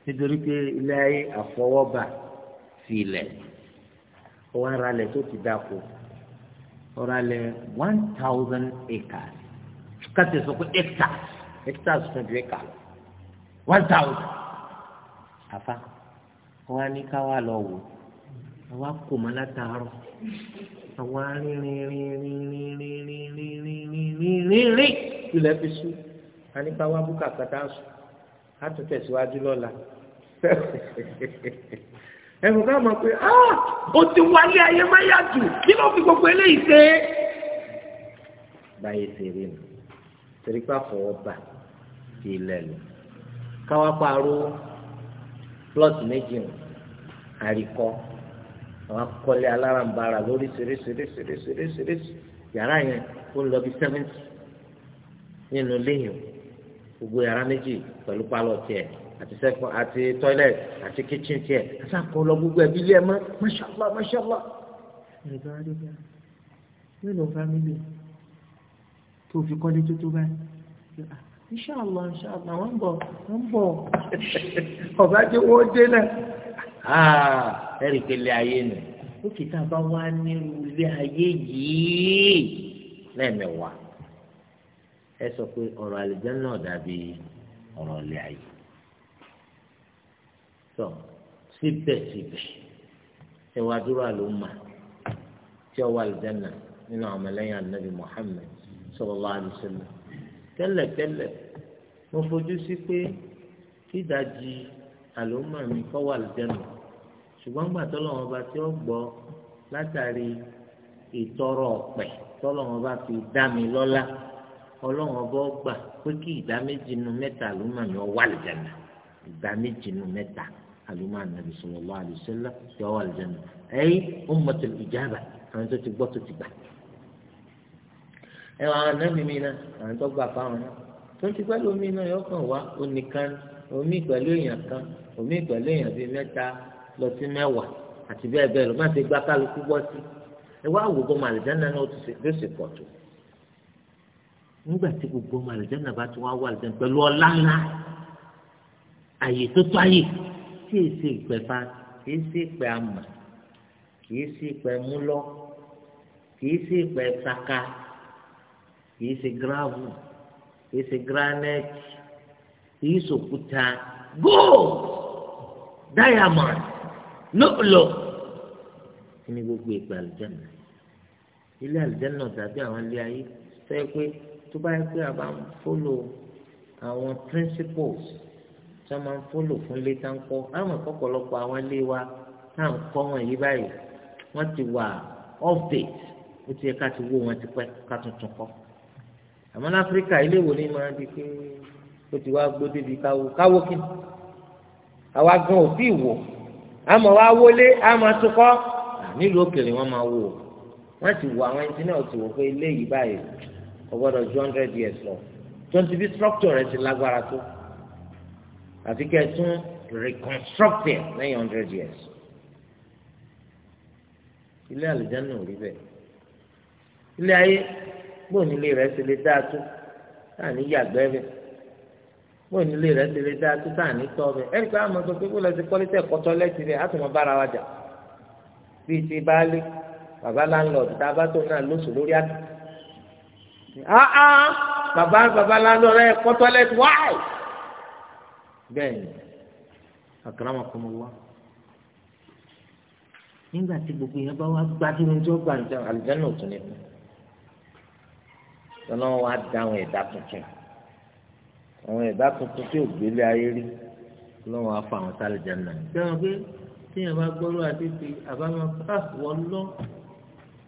A: nítorí pé ilé ayé àfọwọ́bà filẹ̀ wọ́n ara lẹ̀ tó ti dáko ọ̀rọ̀ alẹ́ one thousand acres kàtẹ́ sọ pé hectares hectares fún ju acre one thousand àfa wọ́n á ní ká wá lọ wò àwa kò mọ́ látàárọ̀ àwa rìnrìnrìnrìnrìnrìnrìnrìnrìnrìnrìn ilẹ̀ fi sùn a ní ká wá bùkà kàtà sùn á tún tẹ̀síwájú lọ́la
B: ẹ̀rù ká mọ̀ pé ah, ó ti wálé ayé má yàtù kí ló fi gbogbo eléyìí ṣe é.
A: báyìí ṣe rí nù torí pé àfọwọ́bà ti ilẹ̀ lọ káwá parọ́ plọ́ọ̀tì méjì hàn àríkọ́ àwọn akọ́lé alárànbarà lórí ṣeréṣeréṣeréṣeréṣeréṣe yàrá yẹn ó lọ bí sẹ́mẹ́ntì nínú léyìn o gbogbo yàrá méjì pẹ̀lú pálọ̀ tiẹ̀ àti sẹ́kọ̀ àti tọ́ilẹ̀t àti kíchìn tiẹ̀ àtàkọ́lọ́
B: gbogbo ẹ̀bí ilé ẹ̀ mọ́ mashallah mashallah. ẹ̀rọ adébíyà mélòó
A: fámìlì tó fi kọ́lé tó tó báyìí inshallah inshallah wọ́n ń bọ̀ wọ́n ń bọ̀ ọ̀bá tí wọ́n dé náà. Ah, ẹ̀rì pélé ayé nù ó kì tá a bá wá nírú ilé ayé yìí lẹ́ẹ̀mẹ̀wàá ẹ sọ pé ọ̀rọ̀ àlìjáná dàbí ọ̀rọ̀ ilé ayé tọ síbẹ̀síbẹ̀ ẹ wá dúró àlùmà tí ọwọ́ àlìjáná nínú àwọn ọmọlẹ́yìn anabi Muhammad sallallahu alaihi wasallam tẹ́lẹ̀tẹ́lẹ̀ mo fojú sí pé kídàjì àlùmà mi kọ́ wà àlìjáná ṣùgbọ́n gbà tọ́lọ́wọ́n bá tí ó gbọ́ látàrí ìtọ́rọ̀ ọ̀pẹ̀ tọ́lọ́wọ́n bá fi dá mi lọ́lá ọlọ́run ọba ọgbà pé kí ìdá méjì nu mẹ́ta àlùmọ̀ ni ọ wà lìjànà ìdá méjì nu mẹ́ta àlùmọ̀ ànàbì sallallahu alaihi wasallam yọ wà lìjànà ẹ̀yìn ummatul ijaba àwọn tó ti gbọ́ tó ti gbà. ẹ wà àwọn ànábì mi náà àwọn tó gbà fáwọn náà tó ti pẹ́ lómi náà yọ kàn wá onìkan omi pẹ̀lú èèyàn kan omi pẹ̀lú èèyàn bíi mẹ́ta lọ sí mẹ́wàá àti bẹ́ẹ̀ bẹ́ẹ̀ lọ má ti gbá kálukú gbọ́ sí ẹ wá wò bọ́ náà ó ti ṣe pọ̀ nígbà tí gbogbo ọmọ àlùjáde bá ti wá wà àlùjáde pẹ̀lú ọlá ńlá àyè tó tó àyè tí èsì ìpè fa kì í sí ìpè àmà kì í sí ìpè múlọ kì í sí ìpè saka kì í sí gíráàvù kì í sí gíránẹ́tì kì í sòkúta gold diamond lọ́pọ̀lọ́ kí ni gbogbo ìpè àlùjáde ilé àlùjáde náà tàbí àwọn ilé ayé sẹ́yìn pé tó bá yẹ pé a bá ń fólò àwọn principles tí wọ́n máa ń fólò fún ilé tá ń kọ́ àwọn ọ̀pọ̀lọpọ̀ àwọn ilé wa tá à ń kọ́ wọn yìí báyìí wọ́n ti wà off date ó ti yẹ ká ti wó wọn ti pẹ́ ká tuntun kọ́ àmọ́ ní áfíríkà ilé ìwò ni máa di pé ó ti wá gbó débi káwó káwó kí ni àwa gan ò tí wò àmọ́ wa wọlé àmọ́ tó kọ́ nílùú òkèèrè wọ́n máa wò wọ́n ti wò àwọn ẹni tí náà ti wò pé ilé yìí báyìí ọgbọ́dọ̀ ju hundred years lọ tonti bí structure rẹ ti lágbára tó àfi kẹ́ ẹ tún reconstruct ẹ lẹ́yìn hundred years ilé àlùjáná ò rí bẹ́ẹ̀ ilé ayé bóun ilé rẹ ti lè dáa tó táà ní yàgbẹ́ bẹ́ẹ̀ bóun ilé rẹ ti lè dáa tó táà ní tọ́ bẹ́ẹ̀ ẹ̀rí pé àwọn ọmọ tó lọ sí pọ́lítẹ̀ kọ́tọ́ lẹ́sí rẹ̀ á bára wa bíi ti baálé bàbá láńlọ́ọ̀dù tá a bá tó náà lóṣù lórí àtúntò. Ah aa ah, baba baba lanu rẹ kọtọlẹt wáì bẹ́ẹ̀ni akramakumullah nígbà tí gbogbo yẹn bá wá gbádùn tí ó gbà ń jẹ àlùjáná òtún ni fún tọ́lá wọn wá da àwọn ẹ̀dá tuntun àwọn ẹ̀dá tuntun tí ò gbélé ayé rí lọ́wọ́ afa àwọn sálìjáná. sẹ́wọ̀n pé téèyàn bá gbọ́rọ̀ àdébí àbámọ́ ká ah, wọ́n lọ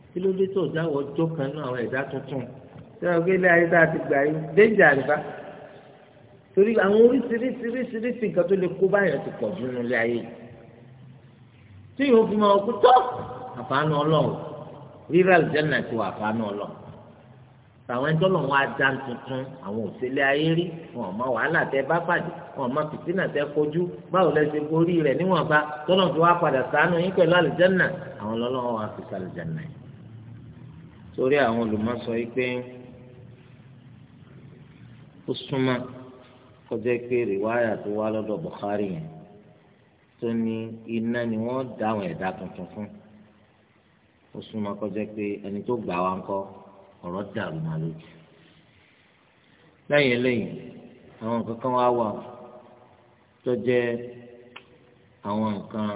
A: kí ló dé tó ọ̀dà wọ́n jọ́ kan náà àwọn ẹ̀dá tuntun ṣé ọgbẹ́ ilé ayé tá a ti gbà yìí dénjà àríbá torí àwọn oríṣiríṣiríṣiríṣi nǹkan tó lè kó báyọ̀ ti pọ̀ jù nílé ayé yìí tí yóò fi máa kú tó àfààní ọlọ́run rírà ìjẹ́nà ti wà àfààní ọlọ́run tàwọn ẹjọ́ lọ́wọ́ wọn ajá tuntun àwọn òṣèlè ayé rí wọn mọ wàhálà tẹ bá pàdé wọn mọ fìtínà tẹ kojú báwo lẹ ṣe borí rẹ níwọ̀nba tọ́nà tó wá padà sànú yín pẹ̀lú àlùjẹ́nà àwọn ọlọ́wọ́ wa fi sàlùjẹ́nà yìí. torí àwọn olùmọ̀ sọ yìí pé ó súnmọ́ kọjá pé rìwáyà tó wá lọ́dọ̀ Bukhari yẹn tó ní iná ni wọ́n dá àwọn ẹ̀dá tuntun fún ó súnmọ́ kọjá pé ẹni tó gbà wá ń kọ́ ọ̀rọ̀ dàrú máa lójú lẹ́yìn eléyìí àwọn nǹkan kan wá wà tó jẹ́ àwọn nǹkan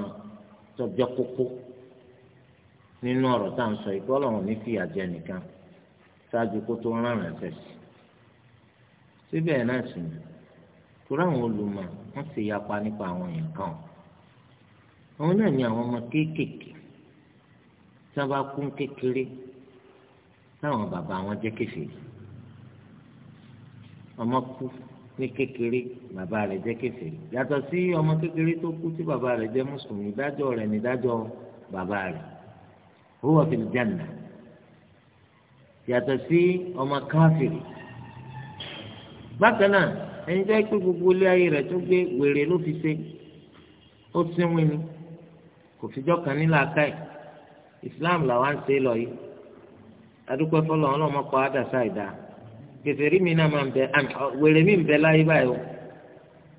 A: tó jẹ́ kókó nínú ọ̀rọ̀ tá à ń sọ ìgbọ́ lọ́wọ́ ní fìyà jẹ nìkan ṣáájú kó tó rán ẹ̀sẹ̀ sí síbẹ̀ náà sì ni torí àwọn olùmọ̀ wọ́n ti yapa nípa àwọn èèyàn kan àwọn náà ni àwọn ọmọ kéékèèké tí wọ́n bá kún kékeré táwọn bàbá wọn jẹ́ kèfèrí ọmọ kú ní kékeré bàbá rẹ̀ jẹ́ kèfèrí yàtọ̀ sí ọmọ kékeré tó kú tí bàbá rẹ̀ jẹ́ mùsùlùmí dájọ́ rẹ̀ ní dájọ́ bàbá rẹ̀ huwa fil janna yàtọ̀ sí ọmọ káfìrì bákan náà ẹni tó yẹ pé gbogbo ilé ayé rẹ̀ tó gbé wèrè ló fi ṣe ó sínwìn ni kò fìjọ́ kan ní làákàyè islam làwọn ṣe lọ yìí adúpẹ́ fọlọ́ ọlọ́mọ pa àdàsá ìdá kẹfẹ́rí mi náà máa ń bẹ wèrè mi ń bẹ láyé báyìí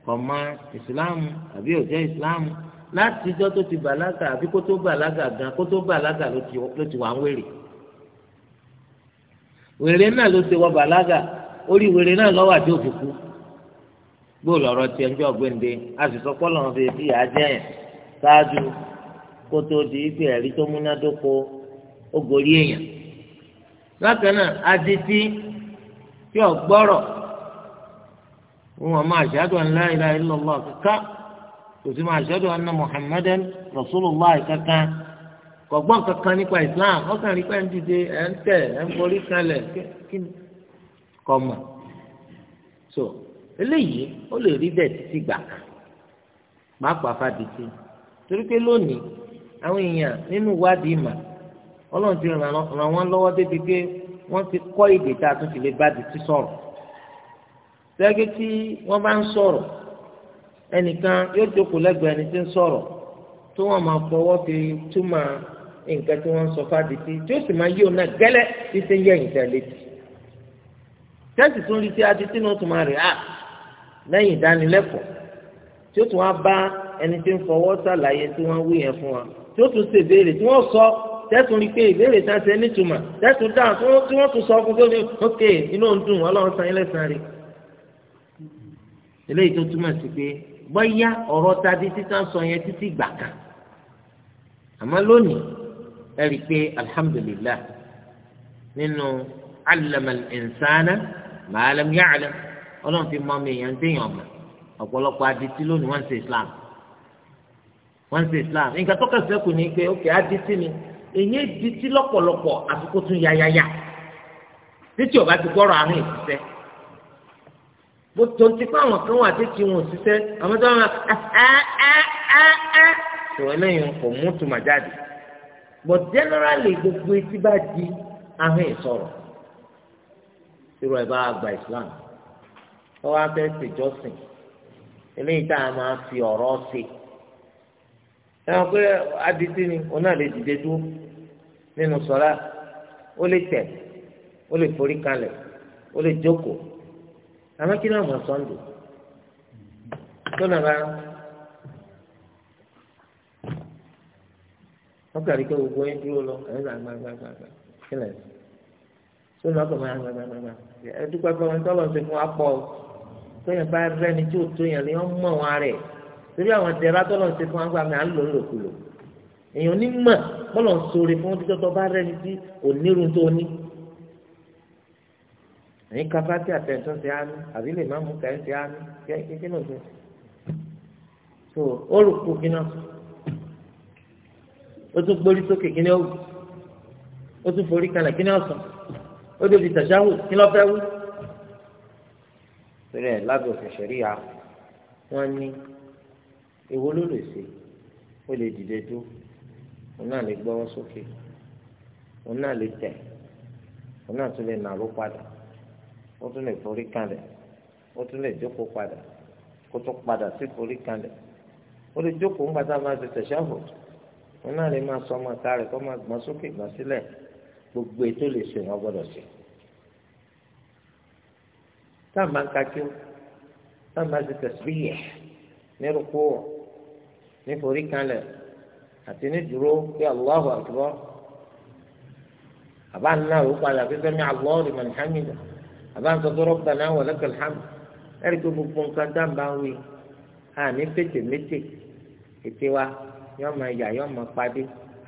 A: kò mọ islam àbí òjẹ́ islam láti ijọ́ tó ti bàlágà àbí kó tó bàlágà gan kó tó bàlágà ló ti wà ń wèrè wèrè náà ló ti wọ bàlágà. orí wèrè náà lọ́wọ́ àti òfìkú gbóòlù lọ́rọ́ tiẹ̀ ń jọ gbéǹde a sì sọ pọ́lọ́ wọn fi fi yà á ṣáájú kó tó di ife ẹ̀rí tó múnádóko ó èèyàn bákan náà adití tí ò wọn máa ṣáájú la ilaha kò sí máa rasulullah kankan islam ọkàn rí pé ń dìde ẹ̀ ń tẹ̀ kọ́mọ̀ so eléyìí ó lè rí bẹ́ẹ̀ títí gbà kan má pa fàdìtì torí pé lónìí àwọn èèyàn nínú ìwádìí mà ọlọ́run ti ràn wọ́n lọ́wọ́ débi pé wọ́n ti kọ́ èdè tá a lè bá dìtì sọ̀rọ̀ sẹ́gẹ́ tí wọ́n bá ń ẹnìkan yóò jókòó ẹni tí ń tó máa fọwọ́ fi túmọ̀ nǹkan tí wọ́n ń sọ tí tẹ́sì tún rí sí adi tí náà tún máa rè á lẹ́yìn ìdánilẹ́kọ̀ọ́ tí ó tún wá bá ẹni tí ń fọwọ́ sàlàyé tí wọ́n wí yẹn fún wa tí ó tún ṣe ìbéèrè tí wọ́n sọ tẹ́sùn rí pé ìbéèrè tá a ṣe nítumọ̀ tẹ́sùn dáhùn tí wọ́n tún sọ fún tó ní ok inú ń dùn ọlọ́run san ilé san rè. eléyìí tó túmọ̀ sí pé bọ́yá ọ̀rọ̀ tadi títà ń sọ yẹn títí gbà kan àmọ́ lónìí ẹ rí i pé alhamdulillah nínú alamal insana. ma lam ya'lam ọlọ́run fi mọ ọmọ èèyàn téèyàn ọ̀mà ọ̀pọ̀lọpọ̀ adití lónìí wọ́n ń islam wọ́n ń islam nǹkan tó kẹsẹ̀ kù ní pé ókè adití ni èyí adití lọ́pọ̀lọpọ̀ tún yáyáyá títí ọba ti gbọ́rọ̀ àrùn ìṣiṣẹ́ bó àwọn kan wà títí wọn òṣìṣẹ́ àwọn tó
B: ah, ah, ah,
A: sọ̀rọ̀ lẹ́yìn kò mú tùmọ̀ jáde generally gbogbo etí bá irú ẹ̀ bá gba islam wọ́n wá fẹ́ ṣèjọ́sìn eléyìí tá a máa fi ọ̀rọ̀ ṣe ẹ̀wọ̀n pé adití ni òun náà lè dìde dúró nínú sọ́lá ó lè tẹ̀ ó lè forí kalẹ̀ ó lè jókòó àmọ́ kí náà mọ̀ sọ́ndù tó nàbà wọ́n kàrí pé gbogbo yín dúró lọ ẹ̀rọ àgbàgbàgbà kílẹ̀ sí sóun náà kọ̀ọ̀mọ́ yàn gbàgbàgbà ẹ̀dúgbà pé wọn tọ́lọ̀ ṣe fún wa pọ̀ tóyàn bá rẹ́ni tí ò ni lè mọ̀ wọn rẹ̀ torí àwọn tẹ̀rá tọ́lọ̀ ṣe fún wa gbà mí à ń lò lòkulò èèyàn ní mọ̀ bọ́lọ̀ sóore fún títọ́ tó bá rẹ́ni tí ò nírun tó ní. èyí kafa tí àtẹ̀tún ti á ní àbí lè má mú kàí ti á kékeré náà tó. so olùkú kíná ó tún gbórí sókè kíní ó tún forí kalẹ̀ kíní ọ̀sán ó débi tàṣáwù kí ló fẹ́ wú. bẹ́ẹ̀ lábẹ́ òfin ṣẹ̀ríya wọ́n ní èwo ló lè ṣe ó lè dìde tó òun náà lè gbọ́wọ́ sókè òun náà lè tẹ̀ òun náà tún lè nàró padà ó tún lè forí kalẹ̀ ó tún lè jókòó padà kó tún padà sí forí kalẹ̀ ó lè jókòó ńgbà tá máa ti tẹ̀síàbò òun náà lè máa sọ ọmọ ìta rẹ̀ kó máa gbọ́n sókè gbọ́n sílẹ̀ gbogbo ètò lè ṣe wọn gbọ́dọ̀ ṣe tá a máa ń kájú tá a máa ti tẹsíbíyẹ ní rúkú ní forí kanlẹ̀ àti ní dúró pé Allahu akbar àbá ń náà rúkú àlàfi sami Allahu liman hamida àbá ń sọ pé rabbana wa lakal hamd ẹ̀rí pé gbogbo nǹkan dáńbà ń wí àní pété mété ètè wa yọ́ọ́ máa yà yọ́ọ́ máa padé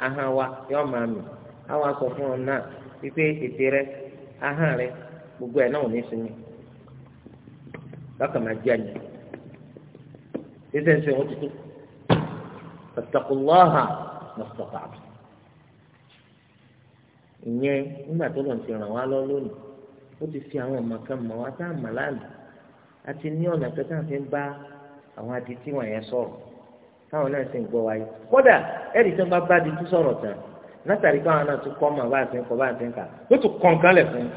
A: ahọ́n wa yọ́ọ́ máa mì. àwọn aṣọ fún ọ náà wípé ètè gbogbo ẹ̀ náà ò ní sinmi bákan máa jẹ́ àyè ṣíṣe ń ṣe wọ́n tuntun ọ̀tàkùnlọ́hà mọ̀tàkàbù ìyẹn nígbà tó lọ́n ti ràn wá lọ lónìí ó ti fi àwọn ọmọ kan mọ̀ wá tá a mọ̀ lánàá àti ní ọ̀nà a fi ń bá àwọn adití wọ̀nyẹn sọ̀rọ̀ táwọn náà sì ń gbọ́ látàrí káwọn náà tún kọ́ ọmọ bá àti ńkọ bá àti ńkà ó tún kọ̀ nǹkan lẹ̀ fún un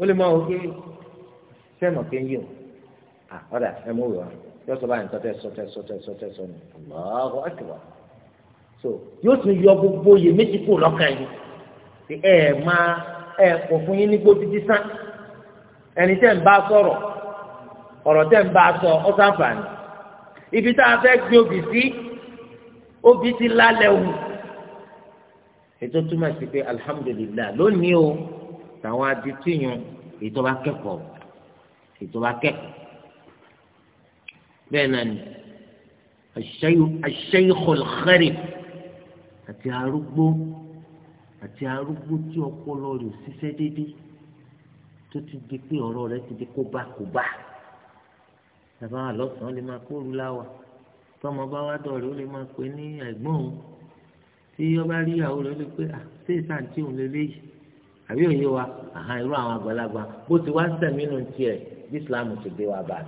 A: ó lè máa wọ pé sẹ́mọ̀ pé ń yí o à ọ̀dà ẹ mú wò wá yóò sọ báyìí sọtẹ sọtẹ sọtẹ sọtẹ sọ ọlọ́ọ̀ àkìwà so yóò tún yọ gbogbo yè méjì kù lọ́kàn yìí pé ẹ máa ẹ kò fún yín ní gbòdì dísán ẹni tẹ́ ń bá sọ̀rọ̀ ọ̀rọ̀ tẹ́ ń bá sọ ọ́ sáǹfààní ibi tá a fẹ́ gbin obì sí obì ti lálẹ́ òun ètò túmọ̀ sí pé alihamudulilayi lónìí o tàwọn aditúyun ètò bá kẹ́kọ̀ọ́ ètò bá kẹ́kọ̀ọ́ bẹ́ẹ̀ náà ni aṣẹ́yìkọ̀lù xẹ́rì àti arúgbó àti arúgbó tí ọpọlọ rẹ̀ ṣiṣẹ́ déédéé tó ti di pé ọ̀rọ̀ rẹ̀ ti di kóbákóbá bàbá àlọ́sàn-án lè máa kóru láwa tọ́mọ bá dọ̀rẹ́ ó lè máa pè ní ẹ̀gbọ́n òun tí ọba rí ìyàwó rẹ̀ lé pé à ah, ṣé ìsàǹtí òun lè léyìí àbí òye wa àhàn irú àwọn àgbàlagbà bó ti wá sẹ̀mí nù tiẹ̀ bí islam ti gbé wa bá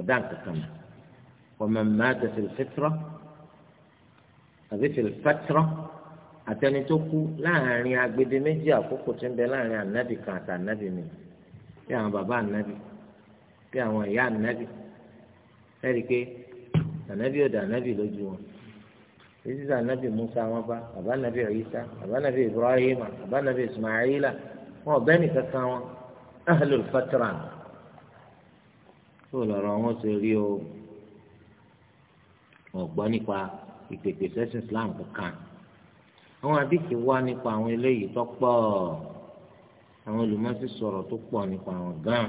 A: ọ̀dà kankan ọmọ mẹ́ta fìlfẹ́tọ́rọ́ àbí fìlfẹ́tọ́rọ́ àtẹni tó kú láàrin agbede méjì àkókò tó ń bẹ láàrin ànábì kan àti ànábì mi bí àwọn bàbá ànábì bí àwọn ìyá ànábì ẹ̀rí pé ànábì ọ̀dà ànábì lójú sísísà nàbì musa wọn bá bàbá nàbì Ìsá bàbá nàbì ibrahima bàbá nàbì ismaila wọn ọbẹ nìkan kan wọn ahlul fatra tó lọ́rọ̀ wọn ṣe rí o wọn gbọ́ nípa ìpèpè sẹ́sìn islam kankan àwọn àdìsí wá nípa àwọn eléyìí tó pọ̀ àwọn olùmọ̀sí sọ̀rọ̀ tó pọ̀ nípa àwọn gan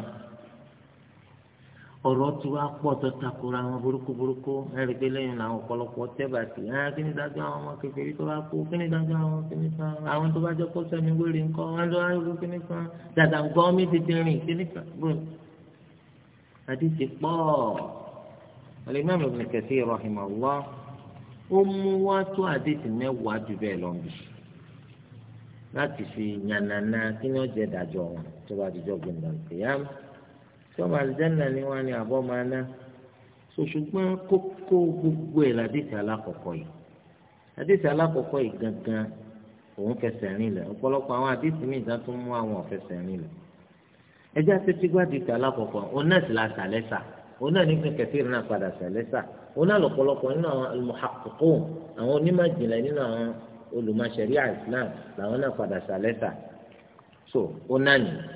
A: ọ̀rọ̀ tí wàá pọ̀ tó takora àwọn burúkú burúkú ẹ̀rí pé lẹ́yìn làwọn ọ̀pọ̀lọpọ̀ tẹ́bà sí ẹ̀ ah, kí ni dájọ́ àwọn ọmọ kékeré tó bá kú kí ni dájọ́ àwọn kí ni kan àwọn tó bá jẹ́ kó sẹ́ni wéré ńkọ́ wọn lọ́wọ́ irú kí ni kan dàdà gbọ́ mi tètè rìn kí ni kan bò. àdìsí pọ̀ Al-Imam Ibn Kathir rahimahullah ó mú wá tó àdìsí mẹ́wàá jù bẹ́ẹ̀ lọ bì láti fi yànnànà kí ni ó tó bá dijọ́ gbẹ̀ndàn kìyàmù sọmọ àlìjáná ni wọn ni àbọ̀ máa ná ṣùgbọ́n kókó gbogbo ẹ̀ ládìsí alákọ̀ọ́kọ́ yìí àdìsí alákọ̀ọ́kọ́ yìí gangan òun fẹsẹ̀ rinlẹ̀ ọ̀pọ̀lọpọ̀ àwọn àdìsí mi ìdá tó mú àwọn ọ̀fẹsẹ̀ rinlẹ̀ ẹjẹ́ àtẹ́tígbà àdìsí alákọ̀ọ́kọ́ òun náà sì la sàlẹ́sà òun náà nígbà kẹfìrì náà padà sàlẹ́sà òun náà lọ̀pọ̀lọpọ̀ nínú àwọn al-muhaqqiqun àwọn onímọ̀jìnlẹ̀ nínú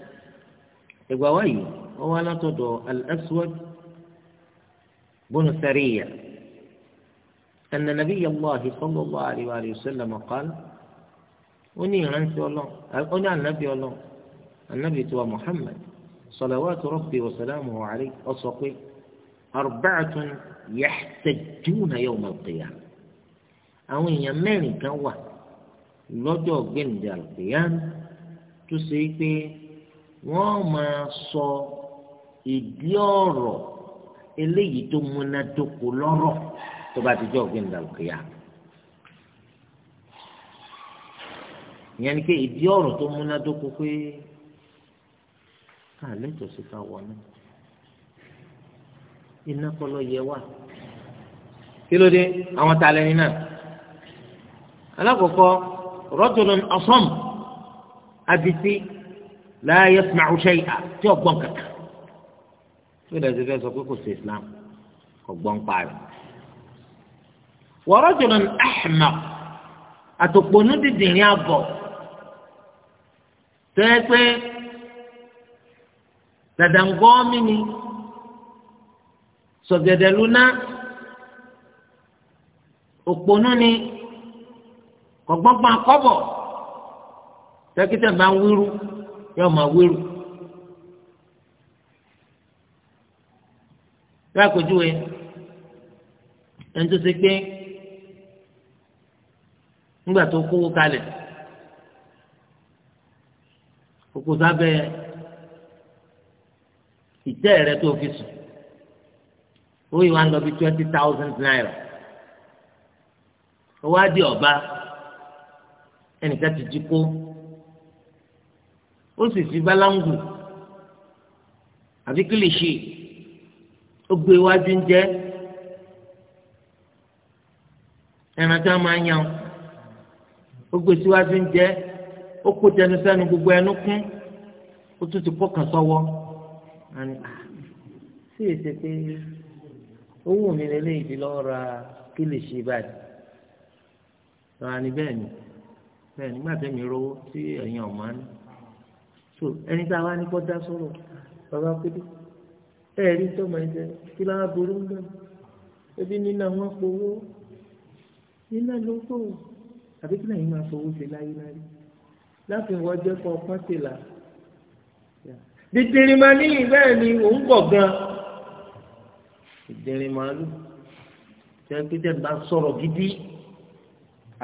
A: ìgbà wáyé wọ́n wá látọ̀dọ̀ al-aswad bunu sariya anna nabiyya allahi sallallahu alayhi wa sallam qaal ó ní ìrántí ọlọ́n ó ní ànábì ọlọ́n ànábì tiwa muhammad salawatu rabbi wa salamuhu alayhi ó sọ pé arba'atun yahtajjuna yawm al-qiyamah àwọn èèyàn mẹ́rin kan wà lọ́jọ́ gbẹ̀ǹdà al-qiyamah tó ṣe é pé. wọ́n máa sọ ìdí ọ̀rọ̀ eléyìí tó múnádóko lọ́rọ̀ tó bá ti jẹ́ ọ̀gbìn ìdàlùkìyà. ìyẹn ni pé ìdí ọ̀rọ̀ tó múnádóko pé ká lẹ́tọ̀ọ́ sí ká wọ̀ náà iná kọlọ yẹ wá kí ló dé àwọn ta lẹni náà alákọ̀ọ́kọ́ rọ́tùnún ọ̀sán àbísí la yasma'u shay'an tí ọgbọ́n kankan tí ó dẹ̀sí fẹ́ sọ pé kò sí islam ọgbọ́n parí. wa rajulun ahmaq àtòkpọ̀nù dídìrín àbọ̀ tẹ́ pé dàdàngọ́mí ni sọ̀gẹ̀dẹ̀ luna ni kọ̀gbọ́n pa kọ́bọ̀ tẹ́kítẹ̀ máa ń wíru yóò máa wérò bí àpèjúwe ẹni tó ṣe pé nígbà tó kówó kalẹ̀ kókó sábẹ́ ìtẹ́ rẹ tó fi sùn ó yìí wá ń lọ bí twenty thousand naira owó á di ọba ẹnìkan ti jí kó ó sì fi bálángù àbí kìlìṣì ó gbé iwájú ń jẹ ẹran tí wọn máa ń yan ó gbé síwájú ń jẹ ó kó tẹnu sẹ́nu gbogbo ẹnu kún ó tún ti kọkàn sọ́wọ́ sí ah, èsì pé owó mi lè léyìí fi lọ́ọ́ ra kìlìṣì báyìí lọ́wọ́ ni bẹ́ẹ̀ ni bẹ́ẹ̀ nígbà tẹ́mi rówó tí ẹ̀yin ọ̀ máa ń so ẹni tá a wá ní kó dá sọ̀rọ̀ bàbá pété ẹ rí tó mọ ẹsẹ kí ló wá burú ń bẹ ebi nínú àwọn fowó
B: nínú ló kó àbí kí lẹ́yìn máa fowó ṣe láyé náà rí
A: láti wọ ọpọ́n ṣe là dìtìrì máa níyì bẹ́ẹ̀ ni òun pọ̀ gan dìtìrì máa lù jẹ́ pé tẹ́ ń bá sọ̀rọ̀ gidi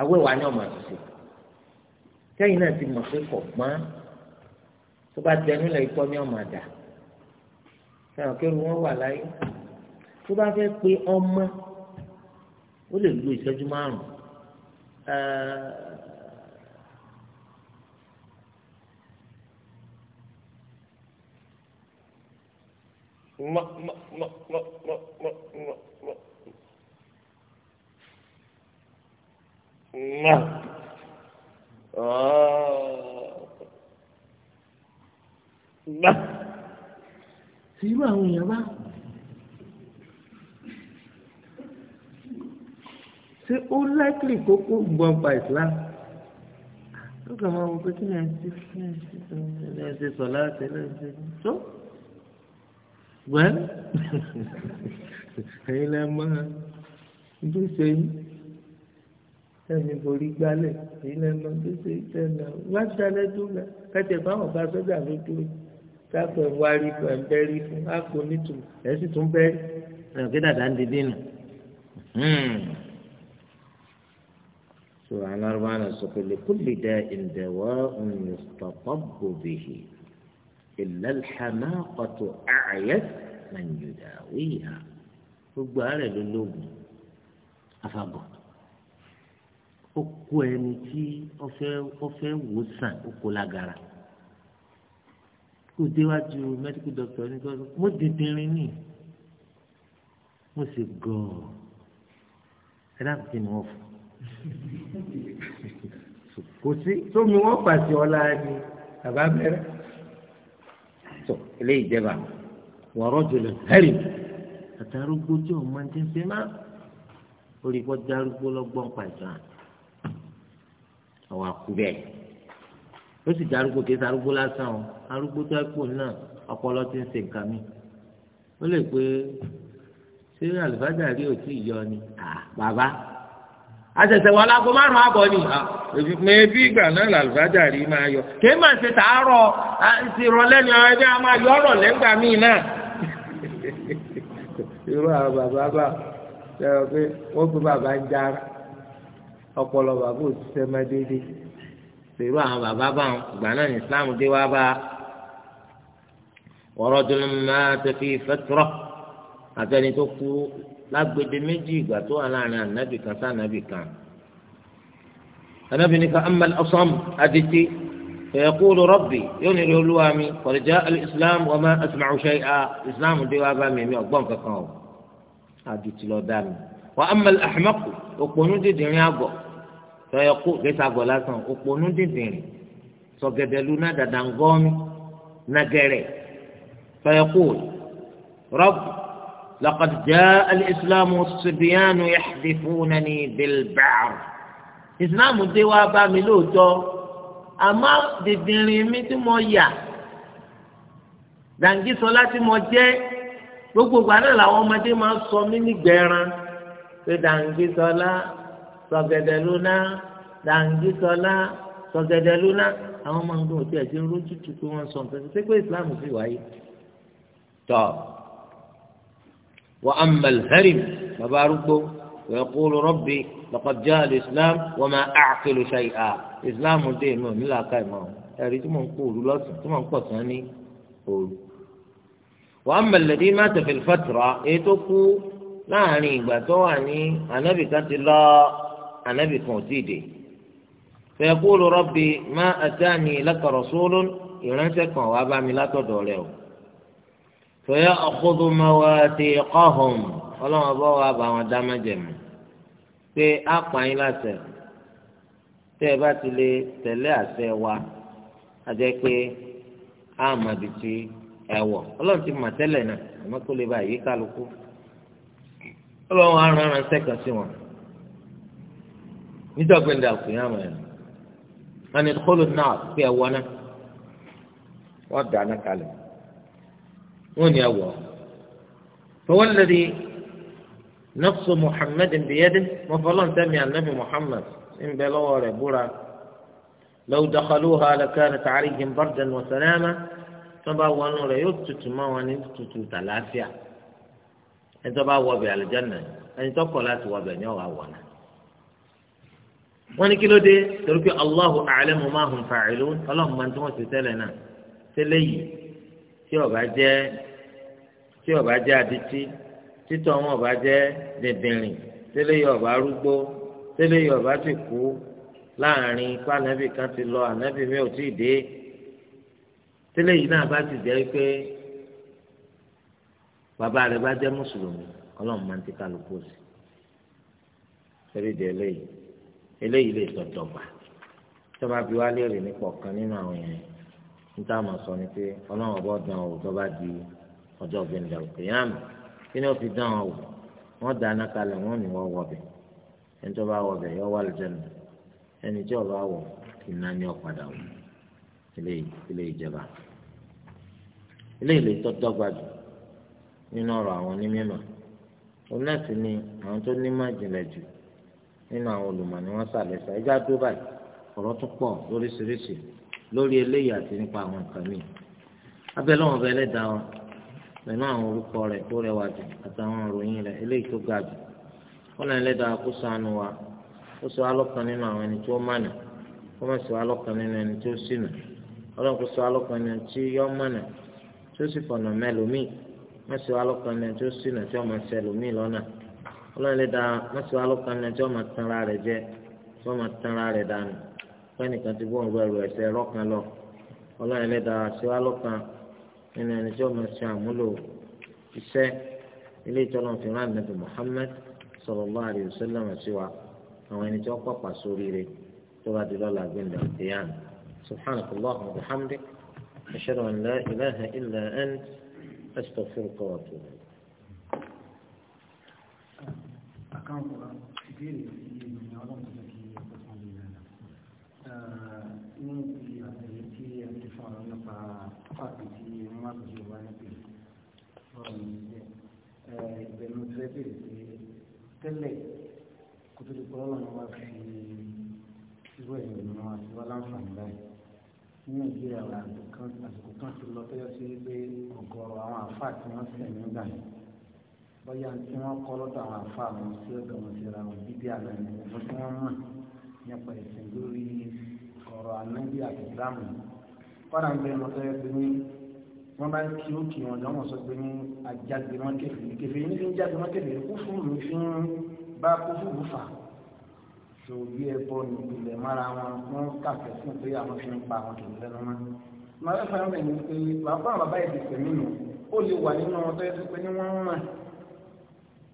A: awẹ́wàá ni ọmọ àtúnṣe kẹ́yìn náà ti mọ̀ pé kọ̀ gbọ́n. tó bá dẹnu lẹ ikọ́ ní ọmọ àdá fẹ́ràn kí wọn wà láyé tó bá fẹ́ pé ọmọ ó lè lo ìṣẹ́jú márùn-ún ma ma ma ma ma ma ma ma ma. Oh. gbà sí irú àwọn èèyàn bá ṣé ó láìpẹ́ kó kó islam
B: ó kàn máa wọ pé kí ni ẹ ti kí
A: ni ẹ ti sọ láti ẹ ti tó wẹ́n ẹ̀yin lẹ́ mọ́ ibi ṣe yín ẹ̀yin borí gbálẹ̀ ẹ̀yin lẹ́ mọ́ ibi ṣe yín tẹ̀ náà wá sí alẹ́ dúró kẹ́tẹ̀ báwọn bá sọ́jà ló dúró táàpọ̀ ń wárí fún ẹ̀ ń bẹ́rí fún àpò nítùú ẹ̀ sì tún bẹ́rí ẹ̀ kí dàda ń dídí nù. Hmm. so àwọn sọ pé lèkúlè dá ìdẹ̀wọ́ ìmùsùtọ̀pọ̀ bèhì ìlẹ́lẹ́hàmá ọ̀tọ̀ ààyè nàìjíríà gbogbo ààrẹ ló lóògùn afagọ̀ ó kó ẹni tí ó fẹ́ wò sàn ó kó lágara kó déwájú mẹdíkù dọkítọ ní kọ́ni mo dìndínrín ní mo sì gọ̀ ẹ dáàbò kí ni wọ́n fún kò sí sómi wọ́n pàṣẹ ọ̀la ni bàbá bẹ̀rẹ̀ tó eléyìí jẹba wọ̀rọ̀ jùlọ hẹ́rì àtàrúgbó tí òun máa ń tẹ́sẹ̀ má orí kọ́ darúgbó lọ́gbọ́n pàṣẹ àwọn àkúbẹ̀ yìí ó sì jẹ́ arúgbó kìí ṣe arúgbó lásán o arúgbó tó ẹ̀kú náà ọpọlọ ti ń ṣe nǹkan mi ó lè pé ṣé àlùfáàjà rí òtí ìyọ ni bàbá àṣẹ̀ṣẹ̀ wà lágbo márùn àbọ̀ ni mẹbí ìgbà náà làlùfáàjà rí máa yọ kìí máa ṣe tàárọ̀ ìrọ̀lẹ́ ni àwọn ẹgbẹ́ máa yọ ọ̀rọ̀ lẹ́gbà míì náà irú àwọn bàbá bá ṣe wọ́n pé wọ́n pé bàbá ń jára ọpọlọ bàbá òṣìṣẹ́ máa déédéé sèrú àwọn bàbá báwọn ìgbà náà ní islam dé wá bá wọ́rọ́ dunu máa tẹ fi fẹ́tọ́rọ́ àtẹni tó kú lágbèdè méjì ìgbà tó wà láàrin ànábì kan sí ànábì kan ànábì ní ká amal ọsán adití fẹ̀yẹ̀kúlù rọ́bì yóò nílò olúwa mi kọ̀lẹ́jà islam wọ́n máa asma'u shay'a islam dé wá bá mi mi kankan o adití lọ dá mi wọ́n amal ahmaq òpònú dídìrín àgọ̀ tọ́yọ kó kẹsà gbọ́ lásán òpònú dìndìnrín sọ̀gẹ̀dẹ̀lu náà dàdàngọ́mi nàgẹ̀rẹ̀ tọ́yọ kó rọ́b لقد جاء الإسلام والصبيان يحذفونني بالبعر إسلام دي وابا ملوتو أما دي ديرين ميتي مو يا dàǹgí sọ láti mọ jẹ gbogbo ìgbà náà làwọn ọmọdé máa sọ mí nígbẹran pé dàǹgí sọlá sọ̀gẹ̀dẹ̀lúná dàǹgísọ́lá sọ̀gẹ̀dẹ̀lúná àwọn ọmọ nǹkan òtí ẹ̀ ti ń rójú tu pé wọ́n sọ nǹkan ṣe pé Islam sì wáyé. tọ́ wọ́n amal harim bàbá arúgbó wọ́n kó rọ́bì lọ́kọ̀ já àlè Islam wọ́n máa àkèlò ṣayí à Islam dé inú mi làákà ìmọ̀ ẹ̀rí tí mò ń kó òru lọ́sùn tí mò ń pọ̀ sàn ní òru. wọ́n amal lẹ́dí má tẹ̀fẹ̀ fàtìrà èyí kú láàrin ìgbà tó wà ní ànábì ti lọ́ọ́ anabi kan ò tí ì dé fẹ̀kúlù rọ́bì má àtàní lẹ́kọ̀rọ̀ sóló ìránṣẹ́ kan wàá bá mi látọ̀dọ̀ rẹ o fẹ̀yà ọ̀kúndùn máa wá ti kọ́ hàn ọlọ́wọ́n bá wà bá wọn dá májẹ̀mú pé á pa yín láṣẹ tẹ́ ẹ bá ti lè tẹ̀lé àṣẹ wa á pé á mọ̀ bí ti ẹ wọ̀ ọlọ́run ti mọ̀ tẹ́lẹ̀ náà àmọ́ kó lè bá yí kálukú ọlọ́run á rán ránṣẹ́ kan sí wọn. níjọ́gbìn dà kù yàmù yẹn àni kólú náà kí ẹ wọ́n náà wọ́n dáná kalẹ̀ wọ́n ní ẹ wọ́ fọwọ́n lẹ́dí nafsu muhammed biyẹ́dí mo fọlọ́n sẹ́mi anabi muhammed ń bẹ lọ́wọ́ rẹ̀ búra lọ́wọ́ dàkàlùhà lẹ́kàrẹ́ tàríhìn bàrdàn wọ̀sánàmà tó bá wọnú rẹ̀ yóò tutù mọ́ wọn ní tutù tàlàáfíà ẹni tó bá wọ bẹ̀ àlùjánnà ẹni tó kọ̀ láti wọ bẹ̀ ni ọ̀ wà wọ̀ náà. wọ́n ní kí ló dé torí pé Allahu a'lamu ma hum fa'ilun ọlọ́run máa ń tí wọ́n ti tẹ́lẹ̀ náà tẹ́lẹ̀ yìí tí ó bá jẹ́ tí ó bá jẹ́ adití títọ́ wọn ó bá jẹ́ dẹ̀dẹ̀rìn tẹ́lẹ̀ yìí ó bá arúgbó tẹ́lẹ̀ yìí ó bá ti kú láàrin ipá ànábì kan ti lọ ànábì mi ò tí ì dé tẹ́lẹ̀ yìí náà bá ti jẹ́ pé bàbá rẹ̀ bá jẹ́ mùsùlùmí ọlọ́run máa ń tí kálukú sí. Ṣé bí délé eléyìí lè tọ̀dọ̀gbà tó bá bi wá léèrè nípa ọ̀kan nínú àwọn yẹn níta mà sọ ni pé ọlọ́run ọba dán bá di ọjọ́ yá mi kí ni ó fi dán o wọ́n dáná kalẹ̀ wọn ní wọ́n wọbẹ̀ ẹni tó bá wọbẹ̀ yọ wà lùjẹ́nu ẹni tí ọba wọ iná wọ eléyìí eléyìí jẹba eléyìí lè jù nínú àwọn onímọ̀ ni àwọn tó ní nínú àwọn olùmọ̀ ni wọ́n sàlẹ̀ ẹjá ẹjọ́ báyìí ọ̀rọ̀ tún pọ̀ lóríṣiríṣi lórí eléyìí àti nípa àwọn nǹkan míì abẹ́lẹ́wọ̀n bẹ́ẹ̀ lẹ́dàá wọn pẹ̀lú àwọn orúkọ rẹ̀ tó rẹwà jù àtàwọn rẹ̀ eléyìí tó ga jù wọn lẹ́yìn lẹ́dàá kó wa ó sọ alọ́kan nínú àwọn ẹni tó mànà má sọ alọ́kan nínú ẹni tó sọ alọ́kan nínú tó ọlọ́run lè da mọ́sí wa lọ́kàn náà tí wọ́n máa tanra rẹ̀ jẹ tí wọ́n máa tanra rẹ̀ dànù fẹ́nìkan ti bọ́ọ̀n rẹ̀ rù ẹ̀sẹ̀ lọ́kàn lọ ọlọ́run lè da sí wa lọ́kàn nínú ẹni tí wọ́n máa ṣe àmúlò iṣẹ́ ilé ìtọ́nà fi rán ànábì Muhammad sallallahu alaihi wasallam sí wa àwọn ẹni tí wọ́n pàpà sórí rẹ̀ tó bá di lọ́la gbẹ̀ndà ìyàn سبحانك اللهم وبحمدك أشهد أن لا إله إلا أنت أستغفرك وأتوب
B: àkáǹkù ìbéèrè sí ènìyàn ọlọ́pàá kí ọkọ̀ lè rẹ̀ ní ti àtẹ̀lé tí a ti fún ọ̀rọ̀ nípa fàtí tí wọ́n bí wá nípe ọ̀rọ̀ ìjẹ́ ìbẹ̀rù tẹ́lẹ̀ bèrè pé tẹ́lẹ̀ kò tó di pé ọlọ́run wá fi irú ẹ̀yìn ìrìnà àti wá láǹfààní báyìí ní nàìjíríà àsìkò kan ti lọ tẹ́lẹ̀ sí pé ọ̀gọ̀ọ̀rọ̀ àwọn àfáà tí wọ́n sẹ̀ nígbà bóyá tí wọ́n kọ́ lọ́dọ̀ àwọn afá àwọn sí ọ̀dọ̀ wọn síra wọn bíbí àná ni wọ́n tí wọ́n mọ̀ nípa ìsìn lórí ọ̀rọ̀ ànábì àti ìdáàmú kọ́dà ń bẹ wọn sọ pé ní wọ́n bá ń kí òkè wọn jọ wọn sọ pé ní ajáde wọn kẹfìrí kẹfìrí ní fi ń jáde wọn kẹfìrí kú fún mi fi ń bá kú fún mi fà tó bí ẹ bọ́ ní ilẹ̀ mára wọn wọ́n kàfẹ́ fún pé àwọn fi ń pa àwọn kẹfìrí lẹ́nu mọ́ màá fẹ́ fẹ́ràn bẹ̀ ní pé bàbá bàbá ẹ̀ ti pè mí nù ó lè wà nínú ọ̀dọ́ ẹ̀ tó pé ní wọ́n mọ̀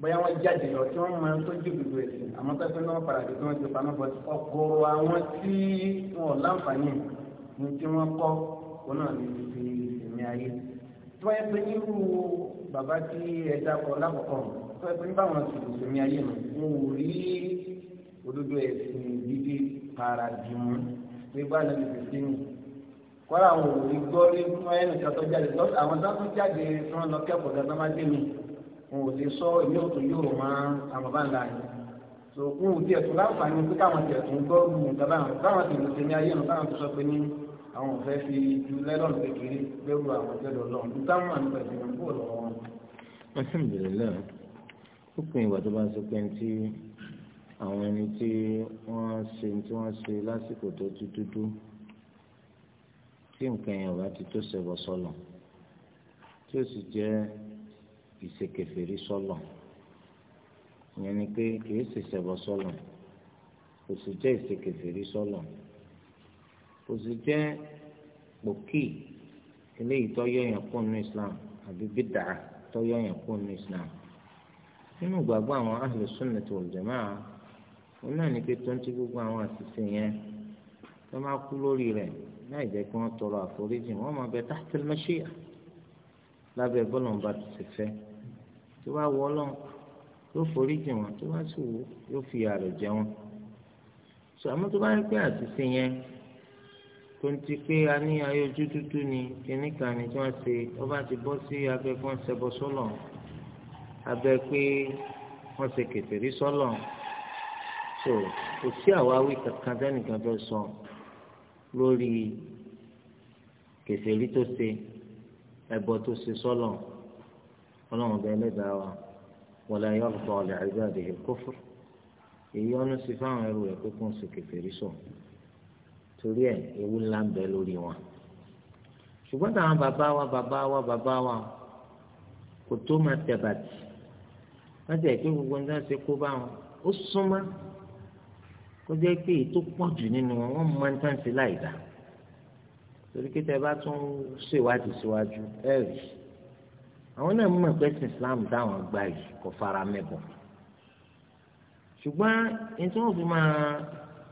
B: bóyá wọ́n jáde lọ tí wọ́n máa ń tọ́jú gbogbo ẹ̀sìn àmọ́ pẹ́pẹ́ náà padà dé tí wọ́n ti paná bọ́ sí ọ̀gọ̀rọ̀ àwọn tí wọn ò láǹfààní ní tí wọ́n kọ́ òun náà ní ibi ìsinmi ayé tí wọ́n yẹ pé nírú bàbá tí ẹ dákọ̀ lákọ̀ọ́kọ́ tí wọ́n yẹ pé ní báwọn ti ìsinmi ayé nù wọn ò rí òdodo ẹ̀sìn dídí para dì mú pé bá lẹ́nu ìfèsì nù kọ́ra àwọn ò rí gbọ́ rí fún ẹnì n ò lè sọ èmi ò tún yóò máa àwọn bá ń la yìí tó n ò tiẹ̀ tún láǹfààní pé káwọn tiẹ̀ tún gbọ́ ohun ìjọba àwọn káwọn tiẹ̀ tún tẹ̀lé ayé àwọn tó sọ pé ní àwọn òfẹ́ fi ju lẹ́lọ́n kékeré bẹ́rù àwọn tẹ́lẹ̀ ọlọ́run ní táwọn àti pẹ̀lú ìwọ̀n kúrò lọ́wọ́ wọn.
A: alhamdulillah ó pin ìwà tó bá ń sọ pé tí àwọn ẹni tí wọ́n ṣe tí wọ́n ṣe lásìkò tó ti dúdú tí nǹkan yẹn ò bá ti tó ṣẹbọ sọlọ tí ó sì jẹ́ ìṣèkèfèrí sọlọ ìyẹn ni pé kìí ṣèṣẹbọ sọlọ kò sì jẹ́ ìṣèkèfèrí sọlọ kò sì jẹ́ pòkì eléyìí tó yọ yẹn kún ní Islam àbí bídà tó yọ yẹn kún ní Islam nínú ìgbàgbọ́ àwọn ahlu sunnah wal jamaa wọn náà ní pé tó ń ti gbogbo àwọn àṣìṣe yẹn tó máa kú lórí rẹ̀ láì jẹ́ kí wọ́n tọrọ àforíjì wọ́n máa bẹ tahtil mashiyah lábẹ́ bọ́lọ̀ ń bá ti ṣe fẹ́ tó bá wọ ọlọ́run yóò forí jì wọ́n tó bá sì wò yóò fi àrò jẹ wọ́n sọ àmọ́ tó bá rí pé àṣìṣe yẹn tó ń ti pé a ní ayé ojú dúdú ni kíní kan ni tí wọ́n ṣe wọ́n bá ti bọ́ sí abẹ́ fún ṣẹbọ sọ́lọ̀ abẹ́ pé wọ́n ṣe kèfèrí sọ́lọ̀ so kò sí àwáwí kankan tẹ́nìkan fẹ́ sọ lórí kèfèrí tó ṣe ẹbọ tó ṣe sọ́lọ̀. So, ọlọ́run ọba ẹlẹ́dàá wa wala yarda li ibadihi al-kufr èyí ọ̀nà sí fáwọn ẹrú rẹ̀ pé kún sí kèfèrí sọ torí ẹ̀ ewu ńlá ń bẹ lórí wọn ṣùgbọ́n táwọn bàbá wa bàbá wa bàbá wa kò tó máa tẹ̀bàtì wọ́n ti pé gbogbo ń dá ṣe kó bá wọn ó súnmọ́ kó jẹ́ pé èyí tó pọ̀ jù nínú wọn wọ́n máa ń tàn sí láì dá torí pé tẹ bá tún ṣèwádìí síwájú ẹ̀ àwọn náà mọ̀ pé islam dáwọn gbà yìí kò fara mẹ́bọ̀ ṣùgbọ́n ẹni tí wọ́n fi máa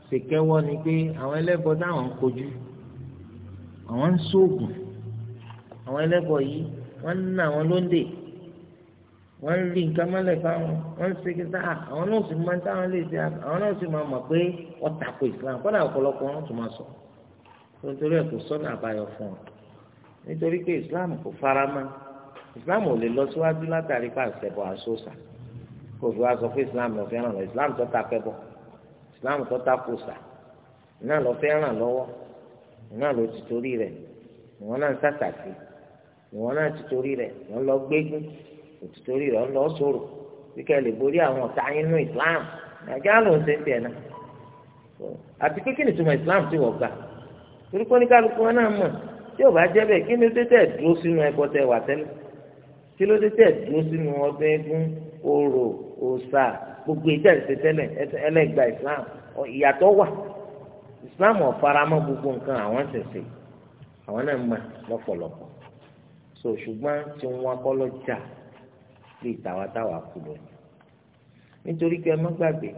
A: ṣèkẹ́wọ́ ni pé àwọn ẹlẹ́bọ dáwọn ń kojú àwọn ń ṣoògùn àwọn ẹlẹ́bọ yìí wọ́n ń ná àwọn lóńdè wọ́n ń rí nǹkan mọ́lẹ̀ fáwọn wọ́n ń ṣe kíkà ah, àwọn náà sì máa ń táwọn lè ṣe àwọn náà sì máa mọ̀ pé wọ́n tako islam kọ́dà ọ̀pọ̀lọpọ̀ wọn tún máa sọ nítorí ẹ̀ kò sọ́nà àbáyọ fún ọ nítorí pé islam kò fara mọ́ islam ò lè lọ síwájú látàrí pàṣẹ bọ àṣọṣà kò fi wá sọ pé islam lọ fẹ́ràn lọ islam tó ta kẹbọ islam tó ta kùsà iná lọ fẹ́ràn lọ́wọ́ iná ló ti torí rẹ̀ ìwọ́n náà ń sàtàkì ìwọ́n náà ti torí rẹ̀ wọ́n lọ gbégún òtí torí rẹ̀ wọ́n lọ sọ̀rọ̀ bí kẹ́ lè borí àwọn ọ̀tá inú islam nàìjíríà ló ń ṣe ń tẹ̀ náà àti pé kí ni ìtumọ̀ islam ti wọ̀ gbà torí pé oníkálukú wọn náà mọ̀ tí ò bá jẹ́ bẹ́ẹ̀ kí ni ó dé dúró sínú ẹ̀kọ́ tẹ̀ wà tẹ́lẹ̀ kí ló dé tẹ̀ dún sínú ọdún eégún orò òòṣà gbogbo ìjà ìṣe tẹ́lẹ̀ ẹlẹ́gbà islam ìyàtọ̀ wà islam ọ̀faramọ́ gbogbo nǹkan àwọn ṣẹ̀ṣẹ̀ àwọn náà mà lọ́pọ̀lọpọ̀ so ṣùgbọ́n tí wọ́n kọ́ lọ́jà bíi tàwátàwá kù lọ nítorí pé ẹ má gbàgbé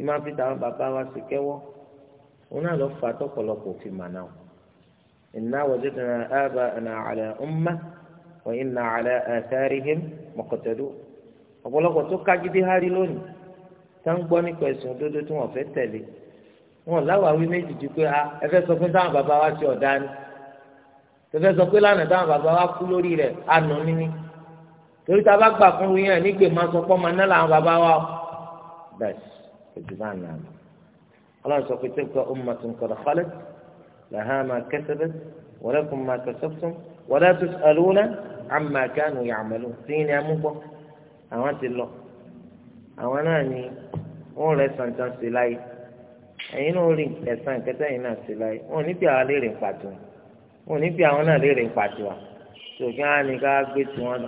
A: ìmáa fi tàwọn bàbá wa sí kẹ́wọ́ òun náà lọ fà tọ́pọ̀lọpọ̀ fi mà náà inna wajadna wa inna ala atharihim muqtadun ọ̀pọ̀lọpọ̀ tó kágídé hárí lónìí tá ń gbọ́ nípa ẹ̀sùn òdodo tí wọ́n fẹ́ tẹ̀lé wọn láwàáwí méjì ju pé ah, ẹ fẹ́ sọ pé táwọn bàbá wa ti ọ̀dá ni ẹ sọ pé lánàá táwọn bàbá wa kú lórí rẹ̀ àná ah, níní torí tá bá gbà fún yín nígbè máa sọ pé ọmọ náà làwọn bàbá wa bẹ́ẹ̀ ojú bá nà mí ọlọ́run sọ pé tilka ummatun qad khalat laha ma kasabat wa lakum ma kasabtum wa la tus'aluna àmà kánú yàmẹlú tíyìn ní amúgbọ àwọn ti lọ àwọn náà ni wọn rẹ sàǹtàn sí láyé ẹ̀yin náà rí ẹ̀san ìkẹtẹ yìí náà sí láyé wọn ò ní bí àwọn léèrè ń pàtó wọn ò ní bí àwọn náà léèrè ń pàtó wa tòkí á ní ká gbé tiwọn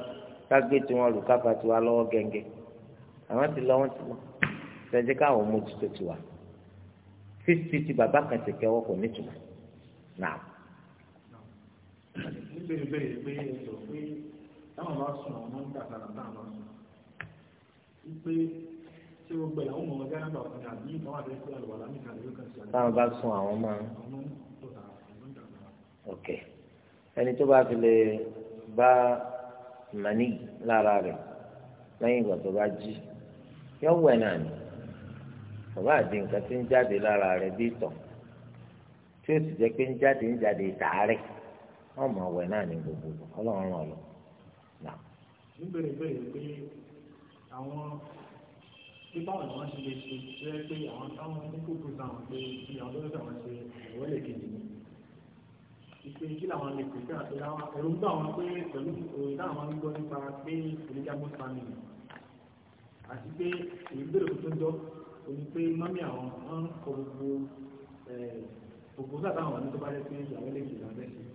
A: ká gbé tiwọn lù ká fa tiwa lọ́wọ́ gẹ́gẹ́ àwọn ti lọ wọn ti lọ sẹjẹ káwọn mójútó tiwa fífi ti bàbá kan ti kẹwọ kò nítumọ̀ náà
B: níbèrè bẹ́ẹ̀ pé ẹ sọ pé táwọn bá sùn àwọn máa ń gbà sára táwọn bá sùn wípé tí o gbẹ àwọn ọmọ ọgá nàbà fún mi àbí ìtàn àti ìpínlẹ̀ àlùwà lámìkà ló kàn sí. táwọn bá sùn àwọn máa ń.
A: ok ẹni tó bá fi lè bá màní lára rẹ̀ lẹ́yìn ìgbà tó bá jí yọ wẹ̀ náà ni bàbá àti nǹkan tí ń jáde lára rẹ̀ bí ìtọ̀ tí ó sì jẹ́ pé ń jáde ń jáde tààrẹ̀ wọn mọ ọwẹ náà ní gbogbo Ọlọ́run ràn lọ.
B: níbẹ̀rẹ̀ bẹ́ẹ̀ pé àwọn pé báwo ni ṣe lè ṣe jẹ́ pé àwọn táwọn ní kókó sáwọn pé kí àwọn tó sáwọn ṣe ìwọ́lẹ̀ kejì ni ìpè kí làwọn lè pèsè àtẹlá èròǹgbà wọn pé pẹ̀lú òyìnbá àwọn gbọ́ nípa pé oníjàmbó family àti pé ìbéèrè tó jọ oní pé mọ́mí àwọn wọn kọ gbogbo gbogbo sábà àwọn ní tó bá jẹ́ pé ìyàwó lè jìnnà bẹ́ẹ̀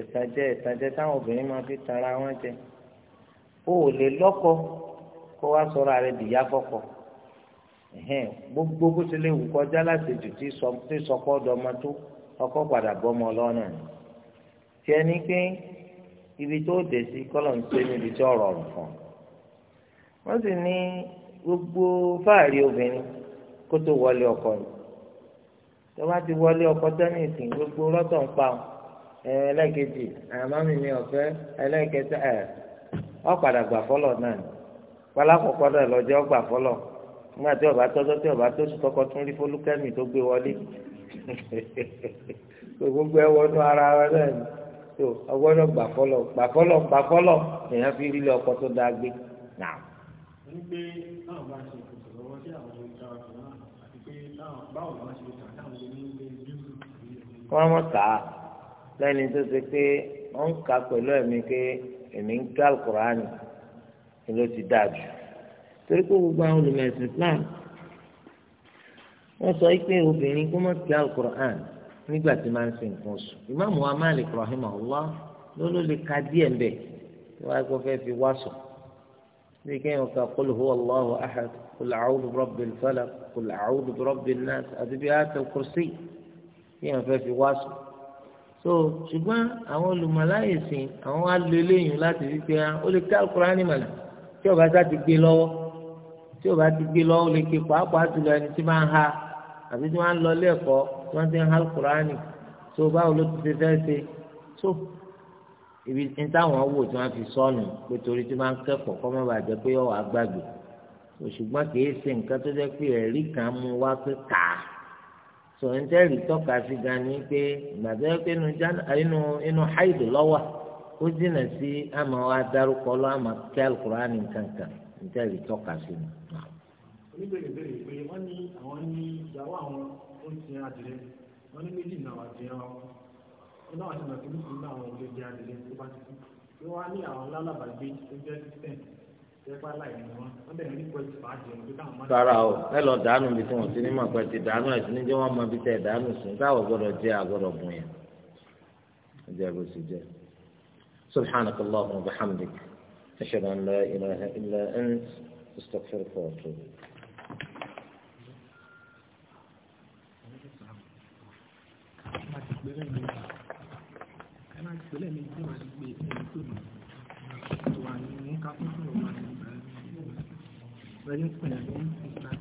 A: ìtàjẹ ìtàjẹ táwọn obìnrin máa fi tara wọn jẹ o ò lè lọ́kọ kó wá sọ̀rọ̀ àrẹ dìyà fọ́kọ gbogbo bó ti lè wù kọjá láti jù tí sọpọ dọmọ tó ọkọ padà bọmọ lọ́nà ni tiẹ̀ ní pé ibi tó dé sí kọlọ̀ ń pè níbi tí ọ̀rọ̀ ọ̀rùn fún wọn sì ní gbogbo fáàrí obìnrin kó tó wọlé ọkọ ni tó bá ti wọlé ọkọ tẹ́nìsì gbogbo rọ́tọ̀ ń pa wọn ẹlẹ́ẹ̀kejì àmàmì mi ọ̀fẹ́ ẹlẹ́ẹ̀kẹta ẹ̀ ọ̀padà gbà fọlọ̀ náà pálákọ̀kọ́ náà lọ́jọ́ gbà fọlọ̀ nígbà tí ọba tọ́jọ́ tí ọba tó sùkọ́kọ́ tún rí fọlùkẹ́mì tó gbé wọlé gbogbo ẹ wọnú ara rẹ náà ni tó ọgbọ́dọ̀ gbà fọlọ̀ gbà fọlọ̀ gbà fọlọ̀ èèyàn fi rí lé ọkọ tó dáa gbé wọ́n mọ̀ sáà lẹ́ni tó ṣe pé wọ́n ń kà pẹ̀lú ẹ̀mí pé èmi ń ká alukur'ani ni ló ti dáa jù torí pé gbogbo àwọn olùmẹ̀sìn Islam wọ́n sọ pé obìnrin kó má ká alukur'ani nígbà tí máa ń sin nǹkan oṣù ìmáàmù wa Malik rahimahullah ló ló lè ka díẹ̀ ń bẹ̀ tí wọ́n á kó fẹ́ fi wá sọ bí kéèyàn ka qul huwa Allahu ahad qul a'udhu bi rabbil falaq qul a'udhu so ṣùgbọ́n àwọn olùmọ̀láyè sìn àwọn wá lo eléyìí láti fi pé ah, ó lè ká Kùránì mọ̀lá tí ó bá sá ti gbé lọ́wọ́ tí ó ti gbé lọ́wọ́ lè ké pàápàá jùlọ ẹni tí máa ń ha àbí tí wọ́n á lọ ilé ẹ̀kọ́ tí wọ́n ti ń ha Kùránì so báwo ló ti ṣe fẹ́ ṣe so ibi ní táwọn wò tí wọ́n fi sọnù pé torí tí wọ́n kẹ́kọ̀ọ́ kọ́ mọ́ bàjẹ́ pé ọ̀ àgbàgbé ṣùgbọ́n kì í ṣe nǹkan tó jẹ́ pé ẹ̀rí kan mú wá pé kàá sọ njeri tẹ́rì tọ́ka sí ga ni pé gbàgbé pé inú inú haidu lọ́wọ́ ó dínà sí àmọ́ wa dárúkọ lọ́ àmọ́ kí alukur'ani kankan ń tẹ́rì tọ́ka sí ni.
B: oníbèrèbèrè pé wọ́n ní àwọn ní ìyàwó àwọn ó adìrẹ wọ́n ní méjì náà adìrẹ wọn wọ́n náà ti mọ̀ sí nípa àwọn olóògbé adìrẹ tó bá ti kú wọ́n ní àwọn lálàbàgbé tó sára o ẹ lọ dànù bí tí wọn ti ní mọ pé ti dànù ẹ ti ní
A: jẹ wọn mọ bí tẹ dànù sùn táwọn gbọ́dọ̀ jẹ àgbọ́dọ̀ bùn yẹn ẹjẹ bó ti jẹ subhanak allahumma wa bihamdik ashhadu an la ilaha illa ant astaghfiruka wa atubu
B: ilayk. But it's